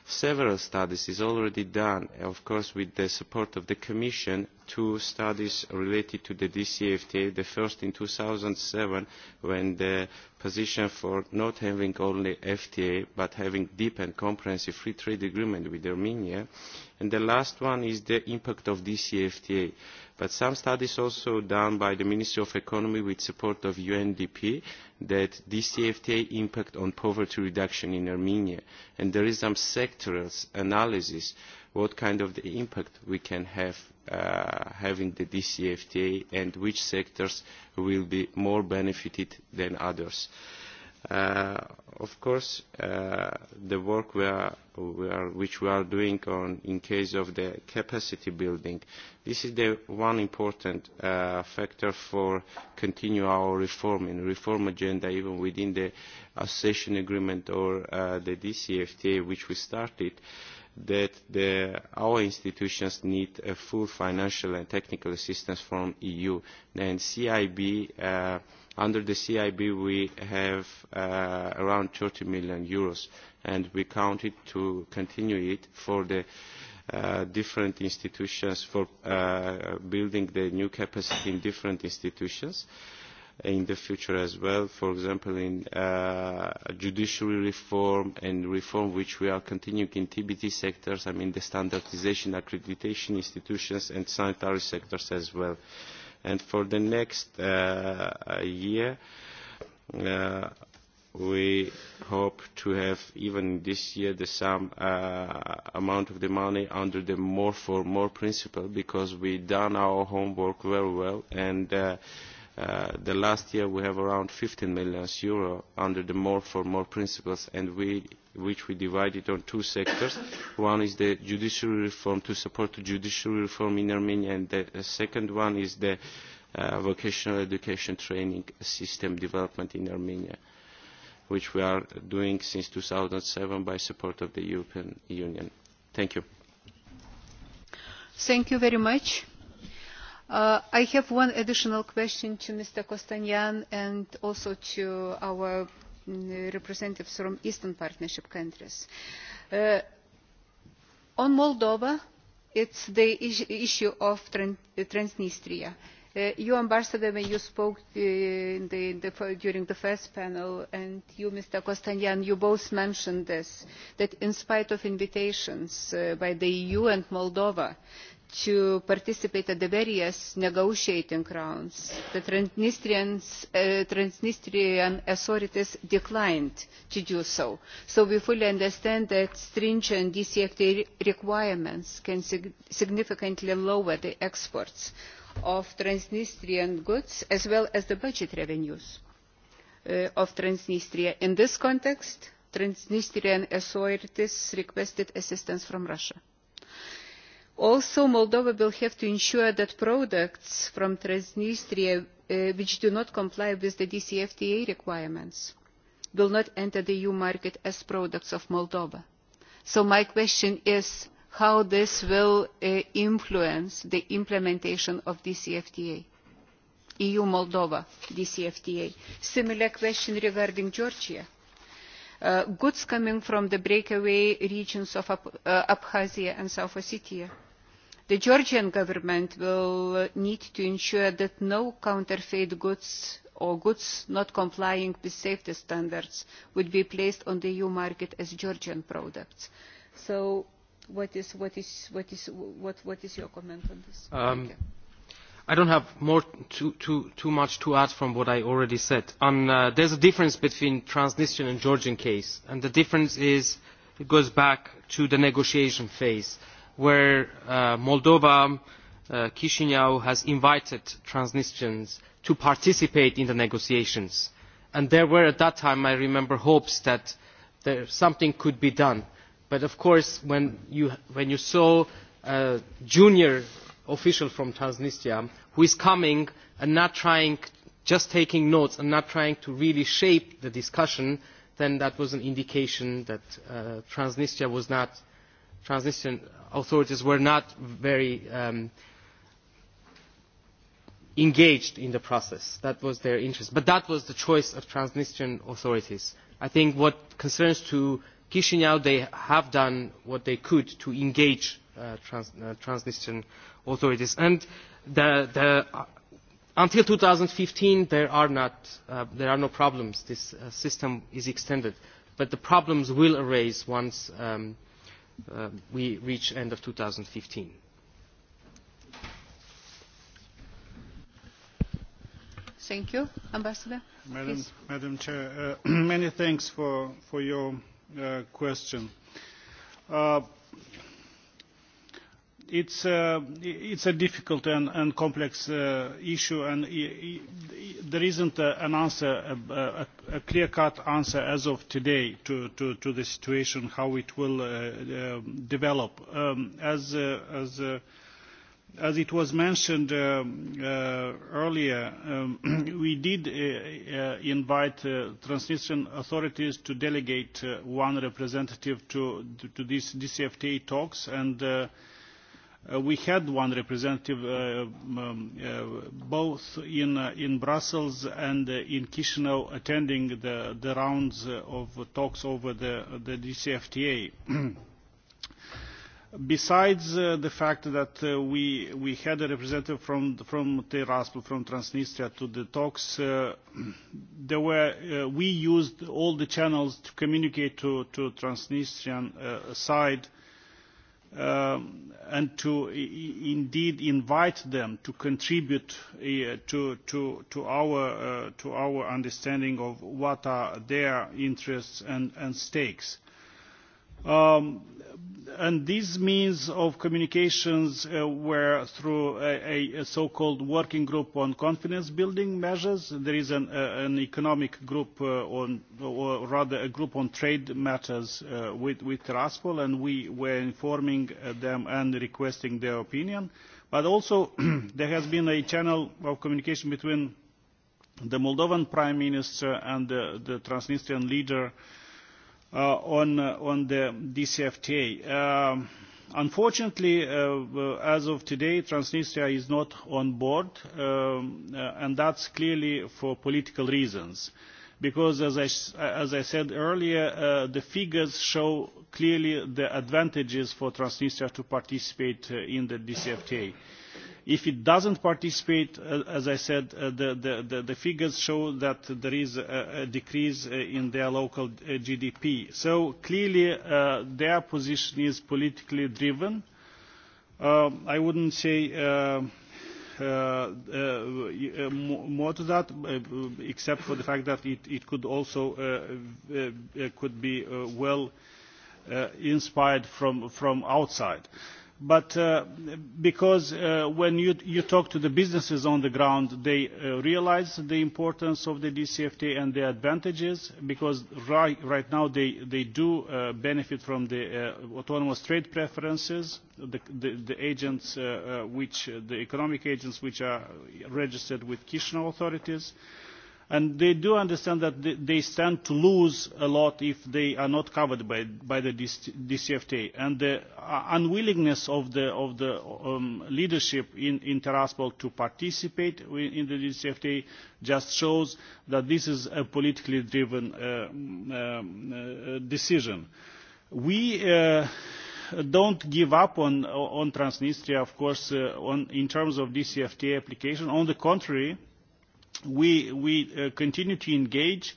several studies is already done, of course with the support of the Commission, two studies related to the DCFTA, the first in 2007 when the position for not having only FTA but having deep and comprehensive free trade agreement with Armenia. And the last one is the impact of DCFTA. But some studies also done by the Ministry of Economy with support of UNDP that DCFTA impact on poverty reduction in Armenia. And there is some sectoral analysis uh, what kind of the impact we can have uh, having the DCFTA and which sectors will be more benefited than others. Uh, Uh, of course, uh, the work we are, we are, which we are doing on, in case of the capacity building, this is the one important uh, factor for continue our reform and reform agenda even within the accession agreement or uh, the DCFTA which we started. Uh, that the, our institutions need a full financial and technical assistance from EU. Then CIB uh, Under the CIB, we have uh, around 30 million euros, and we count it to continue it for the uh, different institutions for uh, building the new capacity in different institutions in the future as well, for example, in uh, judiciary reform and reform which we are continuing in TBT sectors, I mean the standardization, accreditation institutions and sanitary sectors as well. Uh, and for the next uh, year uh, we hope to have even this year the same uh, amount of the money under the more for more principle because we done our homework very well and uh, Uh, the last year we have around 15 million euro under the more for more principles and we which we divided on two sectors. One is the judiciary reform to support the judiciary reform in Armenia and the, the second one is the uh, vocational education training system development in Armenia which we are doing since 2007 by support of the European Union. Thank you. Thank you very much. Uh, I have one additional question to Mr. Kostanyan and also to our mm, representatives from Eastern Partnership countries. Uh, on Moldova, it's the is issue of Trans Transnistria. Uh, you, Ambassador, when you spoke uh, in the, in the, during the first panel, and you, Mr. Kostanyan, you both mentioned this, that in spite of invitations uh, by the EU and Moldova, to participate at the various negotiating rounds. The uh, Transnistrian authorities declined to do so. So we fully understand that stringent DCFTA requirements can sig significantly lower the exports of Transnistrian goods as well as the budget revenues uh, of Transnistria. In this context, Transnistrian authorities requested assistance from Russia also moldova will have to ensure that products from transnistria uh, which do not comply with the dcfta requirements will not enter the eu market as products of moldova. so my question is how this will uh, influence the implementation of the dcfta eu moldova dcfta. similar question regarding georgia. Uh, goods coming from the breakaway regions of Ab uh, Abkhazia and South Ossetia the georgian government will need to ensure that no counterfeit goods or goods not complying with safety standards would be placed on the eu market as georgian products. so what is, what is, what is, what, what is your comment on this? Um, okay. I don't have more too, too, too much to add from what I already said. Um, uh, there's a difference between Transnistrian and Georgian case, and the difference is it goes back to the negotiation phase. Uh, where uh, Moldova, uh, Chisinau has invited Transnistrians to participate in the negotiations. And there were at that time, I remember, hopes that there, something could be done. But of course, when you, when you saw a junior official from Transnistria who is coming and not trying, just taking notes and not trying to really shape the discussion, then that was an indication that uh, Transnistria was not uh, transition authorities were not very um, engaged in the process. That was their interest. But that was the choice of Transnistrian authorities. I think what concerns to Chisinau, they have done what they could to engage uh, trans, uh, Transnistrian authorities. And the, the, uh, until 2015, there are, not, uh, there are no problems. This uh, system is extended. But the problems will arise once um, uh, uh, we reach end of 2015. Thank you. Ambassador? Madam, please. Madam Chair, uh, [clears throat] many thanks for, for your uh, question. Uh, it's, uh, it's a difficult and, and complex uh, issue, and e e there isn't a, an answer, a, a, a clear-cut answer as of today to, to, to the situation, how it will uh, uh, develop. Um, as, uh, as, uh, as it was mentioned um, uh, earlier, um, [clears throat] we did uh, uh, invite uh, Transnistrian authorities to delegate uh, one representative to, to, to these DCFTA talks, and uh, Uh, we had one representative uh, um, um, uh, both in, uh, in Brussels and uh, in Chisinau attending the, the rounds uh, of talks over the, the DCFTA. [clears throat] Besides uh, the fact that uh, we, we had a representative from, from Tiraspol, from Transnistria to the talks, uh, [clears throat] there were, uh, we used all the channels to communicate to, to Transnistrian uh, side uh, um, and to indeed invite them to contribute uh, to, to, to, our, uh, to our understanding of what are their interests and, and stakes Um, and these means of communications uh, were through a, a so-called working group on confidence building measures. There is an, uh, an economic group uh, on, or rather a group on trade matters uh, with, with Raspol, and we were informing uh, them and requesting their opinion. But also [clears throat] there has been a channel of communication between the Moldovan Prime Minister and the, the Transnistrian leader uh, uh, on, uh, on the DCFTA. Um, unfortunately, uh, uh, as of today, Transnistria is not on board, um, uh, and that's clearly for political reasons. Because, as I, uh, as I said earlier, uh, the figures show clearly the advantages for Transnistria to participate uh, in the DCFTA. Uh, If it doesn't participate, uh, as I said, uh, the, the, the, the figures show that there is a, a decrease uh, in their local uh, GDP. So clearly uh, their position is politically driven. Uh, I wouldn't say uh, uh, uh, uh more to that, uh, except for the fact that it, it could also uh, uh, could be uh, well uh, inspired from, from outside. Uh, but uh, because uh, when you, you talk to the businesses on the ground, they uh, realize the importance of the DCFTA and the advantages, because right, right now they, they do uh, benefit from the uh, autonomous trade preferences, the, the, the agents, uh, uh, which, uh, the economic agents which are registered with Kishinev authorities. Uh, and they do understand that they stand to lose a lot if they are not covered by, by the DCFTA. And the uh, unwillingness of the, of the um, leadership in, in Tiraspol to participate in the DCFTA just shows that this is a politically driven uh, um, uh, decision. We uh, don't give up on, on Transnistria, of course, uh, on, in terms of DCFTA application. On the contrary, uh, we, we uh, continue to engage.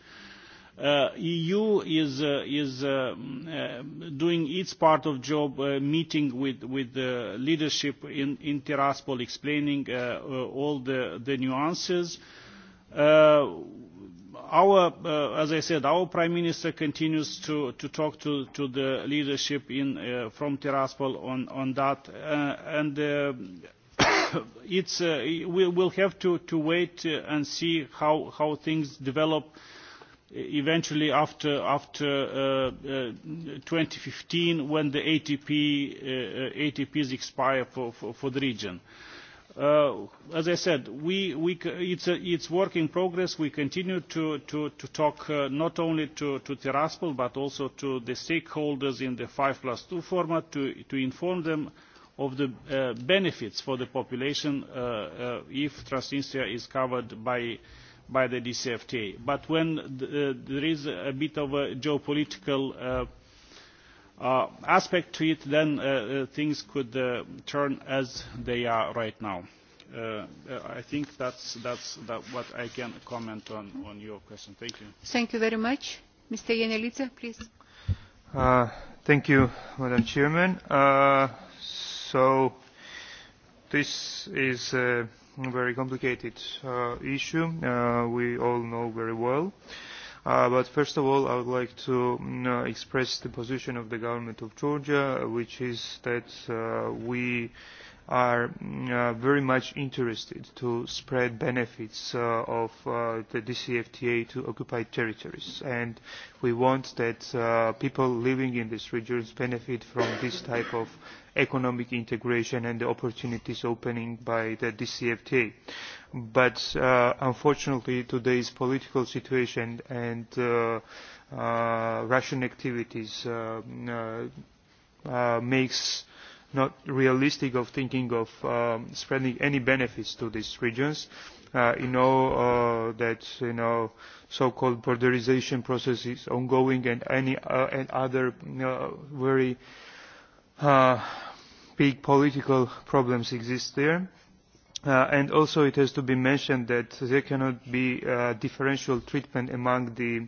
Uh, EU is, uh, is uh, uh, doing its part of job, uh, meeting with, with the leadership in, in Tiraspol, explaining uh, uh, all the, the nuances. Uh, our, uh, as I said, our Prime Minister continues to, to talk to, to the leadership in, uh, from Tiraspol on, on that. Uh, and uh, [coughs] it's, uh, we will have to, to wait uh, and see how, how things develop uh, eventually after, after uh, uh, 2015 when the ATP, uh, uh ATPs expire for, for, for the region. Uh, as I said, we, we, it's, a, it's work in progress. We continue to, to, to talk uh, not only to, to Tiraspol but also to the stakeholders in the 5 plus 2 format to, to inform them of the uh, benefits for the population uh, uh, if Transnistria is covered by, by the DCFTA. But when the, uh, there is a bit of a geopolitical uh, uh, aspect to it, then uh, uh, things could uh, turn as they are right now. Uh, uh I think that's, that's that what I can comment on, on your question. Thank you. Thank you very much. Mr. Yenelica, please. Uh, thank you, Madam Chairman. Uh, So this is a very complicated uh, issue. Uh, we all know very well. Uh, but first of all, I would like to mm, uh, express the position of the government of Georgia, which is that uh, we are mm, uh, very much interested to spread benefits uh, of uh, the DCFTA to occupied territories. And we want that uh, people living in these regions benefit from this type of economic integration and the opportunities opening by the DCFTA. But uh, unfortunately, today's political situation and uh, uh, Russian activities uh, uh, uh, makes not realistic of thinking of um, spreading any benefits to these regions. Uh, you know uh, that you know so-called borderization process is ongoing, and any uh, and other uh, very uh, big political problems exist there Uh, and also it has to be mentioned that there cannot be uh, differential treatment among the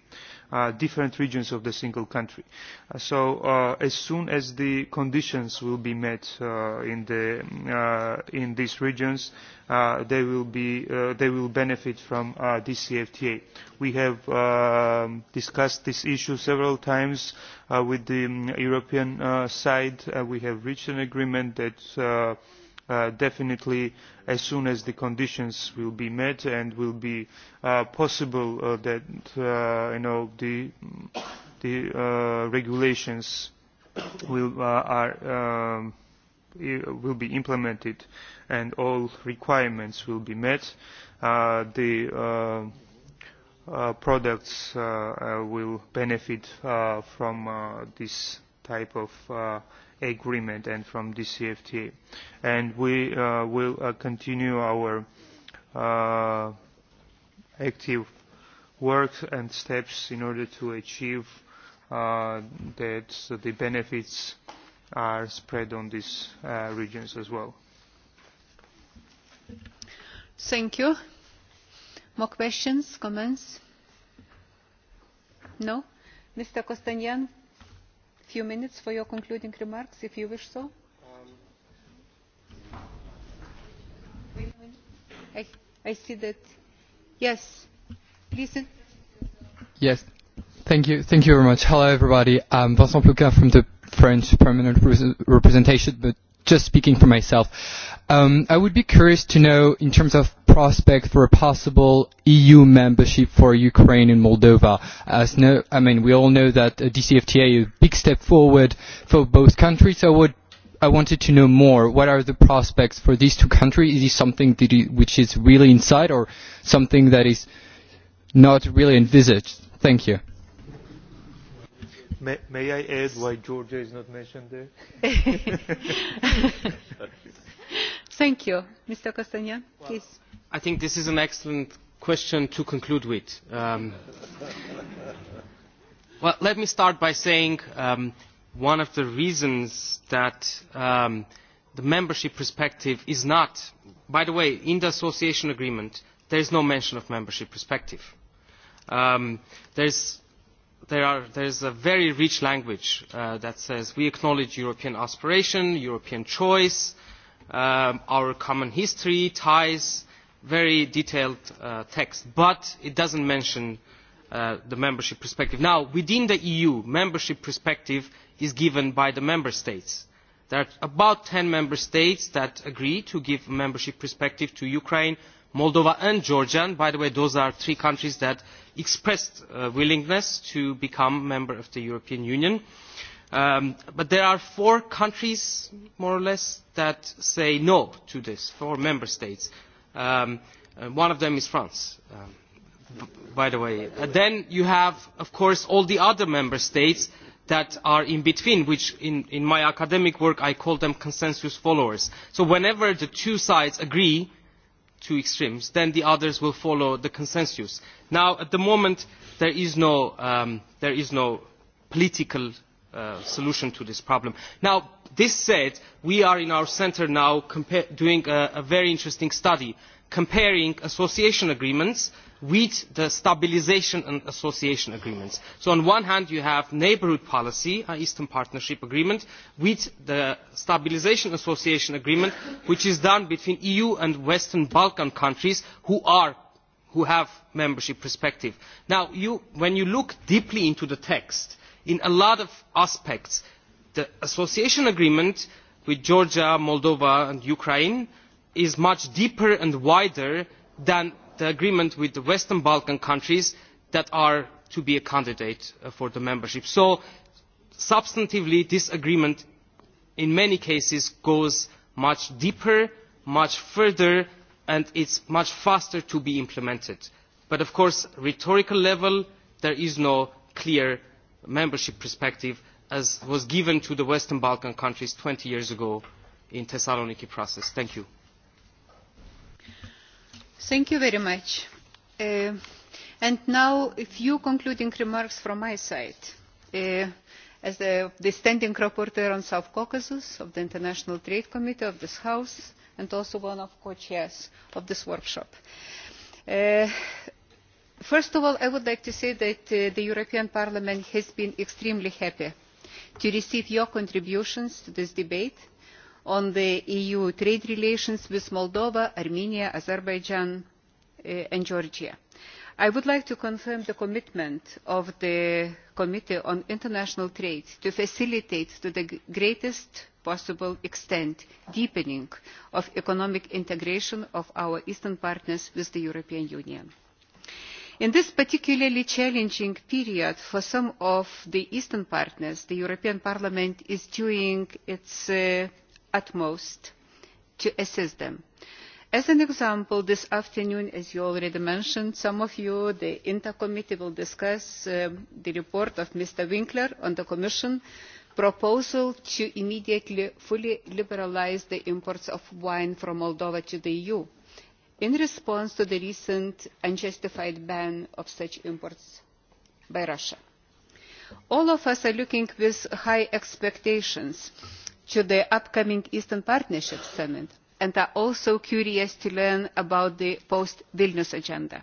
uh, different regions of the single country. Uh, so uh, as soon as the conditions will be met uh, in, the, uh, in these regions, uh, they, will be, uh, they will benefit from uh, DCFTA. We have uh, discussed this issue several times uh, with the um, European uh, side. Uh, we have reached an agreement that uh, uh, definitely as soon as the conditions will be met and will be uh, possible uh, that uh, you know the the uh, regulations will uh, are um, will be implemented and all requirements will be met uh, the uh, uh, products uh, uh, will benefit uh, from uh, this type of uh, agreement and from the CFTA. And we uh, will uh, continue our uh, active work and steps in order to achieve uh, that the benefits are spread on these uh, regions as well. Thank you. More questions, comments? No? Mr. Kostanyan, few minutes for your concluding remarks if you wish so. I, I see that. Yes. Listen. Yes. Thank you. Thank you very much. Hello, everybody. I'm Vincent Plouquin from the French Permanent Representation, but just speaking for myself. Um, I would be curious to know, in terms of prospect for a possible EU membership for Ukraine and Moldova? As no, I mean, we all know that uh, DCFTA is a big step forward for both countries. So what I wanted to know more. What are the prospects for these two countries? Is this something that you, which is really inside or something that is not really envisaged? Thank you. May, may I add why Georgia is not mentioned there? [laughs] [laughs] Thank you. Mr. Castagnan, well, please. I think this is an excellent question to conclude with. Um, well, let me start by saying um, one of the reasons that um, the membership perspective is not, by the way, in the association agreement, there is no mention of membership perspective. Um, there's, there are, there's a very rich language uh, that says we acknowledge European aspiration, European choice, uh, um, our common history, ties, very detailed uh, text. But it doesn't mention uh, the membership perspective. Now, within the EU, membership perspective is given by the member states. There are about 10 member states that agree to give membership perspective to Ukraine, Moldova and Georgia. And by the way, those are three countries that expressed uh, willingness to become member of the European Union. Uh, Um, but there are four countries, more or less, that say no to this, four member states. Um, and uh, one of them is France, um, by the way. Uh, then you have, of course, all the other member states that are in between, which in, in my academic work I call them consensus followers. So whenever the two sides agree, two extremes, then the others will follow the consensus. Now, at the moment, there is no, um, there is no political uh, solution to this problem. Now, this said, we are in our centre now doing a, a very interesting study comparing association agreements with the stabilisation and association agreements. so on the one hand you have neighbourhood policy an uh, eastern partnership agreement with the stabilisation and association agreement which is done between the eu and western balkan countries who, are, who have membership perspectives. now you, when you look deeply into the text in a lot of aspects. the association agreement with georgia moldova and ukraine is much deeper and wider than the agreement with the western balkan countries that are to be a candidate uh, for membership. so substantively this agreement in many cases goes much deeper much further and it is much faster to be implemented. but of course at rhetorical level there is no clear membership perspective as was given to the Western Balkan countries 20 years ago in the Thessaloniki process. Thank you. Thank you very much. Uh, and now a few concluding remarks from my side. Uh, as the, the standing rapporteur on South Caucasus of the International Trade Committee of this House and also one of co-chairs of this workshop. Uh, first of all i would like to say that uh, the european parliament has been extremely happy to receive your contributions to this debate on the eu trade relations with moldova armenia azerbaijan uh, and georgia. i would like to confirm the commitment of the committee on international trade to facilitate to the greatest possible extent deepening of economic integration of our eastern partners with the european union in this particularly challenging period for some of the eastern partners the european parliament is doing its uh, utmost to assist them. as an example this afternoon as you already mentioned some of you the inta committee will discuss um, the report of mr winkler on the commission proposal to immediately fully liberalise the imports of wine from moldova to the eu in response to the recent unjustified ban of such imports by russia. all of us are looking with high expectations to the upcoming eastern partnership summit and are also curious to learn about the post vilnius agenda.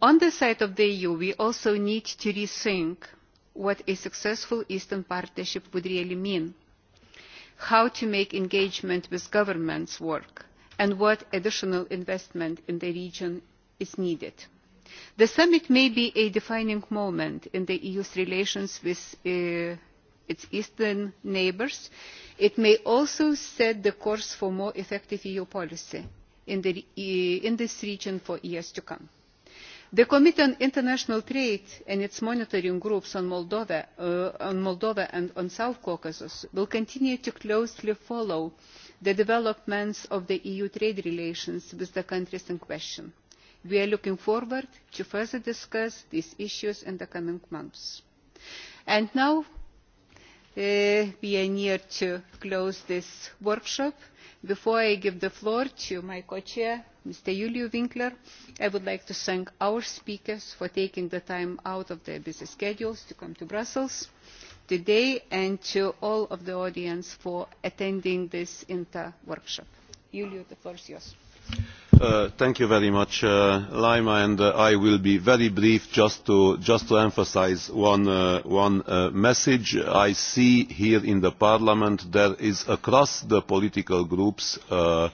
on the side of the eu we also need to rethink what a successful eastern partnership would really mean how to make engagement with governments work and what additional investment in the region is needed. the summit may be a defining moment in the eu's relations with uh, its eastern neighbours. it may also set the course for more effective eu policy in, the, uh, in this region for years to come the committee on international trade and its monitoring groups on moldova, uh, on moldova and on south caucasus will continue to closely follow the developments of the EU trade relations with the countries in question. We are looking forward to further discuss these issues in the coming months. And now uh, we are near to close this workshop. Before I give the floor to my co-chair, Mr. Julio Winkler, I would like to thank our speakers for taking the time out of their busy schedules to come to Brussels. Uh, today and to all of the audience for attending this INTA workshop. Julio, the floor is yours. Uh, thank you very much, uh, Lima, and uh, I will be very brief just to, just to emphasize one, uh, one uh, message. I see here in the Parliament there is across the political groups uh,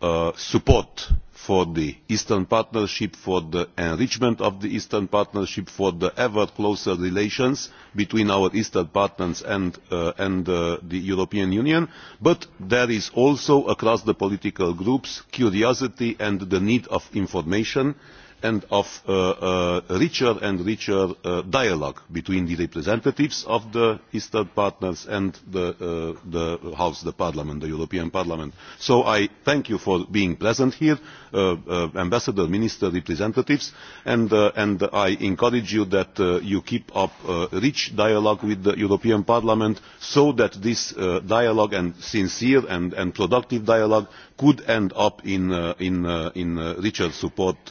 uh, support for the Eastern Partnership, for the enrichment of the Eastern Partnership, for the ever closer relations between our Eastern partners and, uh, and uh, the European Union, but there is also across the political groups curiosity and the need of information and of uh, uh, richer and richer uh, dialogue between the representatives of the Eastern partners and the, uh, the House, the Parliament, the European Parliament. So I thank you for being present here, uh, uh, Ambassador, Minister, representatives, and, uh, and I encourage you that uh, you keep up uh, rich dialogue with the European Parliament so that this uh, dialogue and sincere and, and productive dialogue could end up in, uh, in, uh, in uh, richer support uh,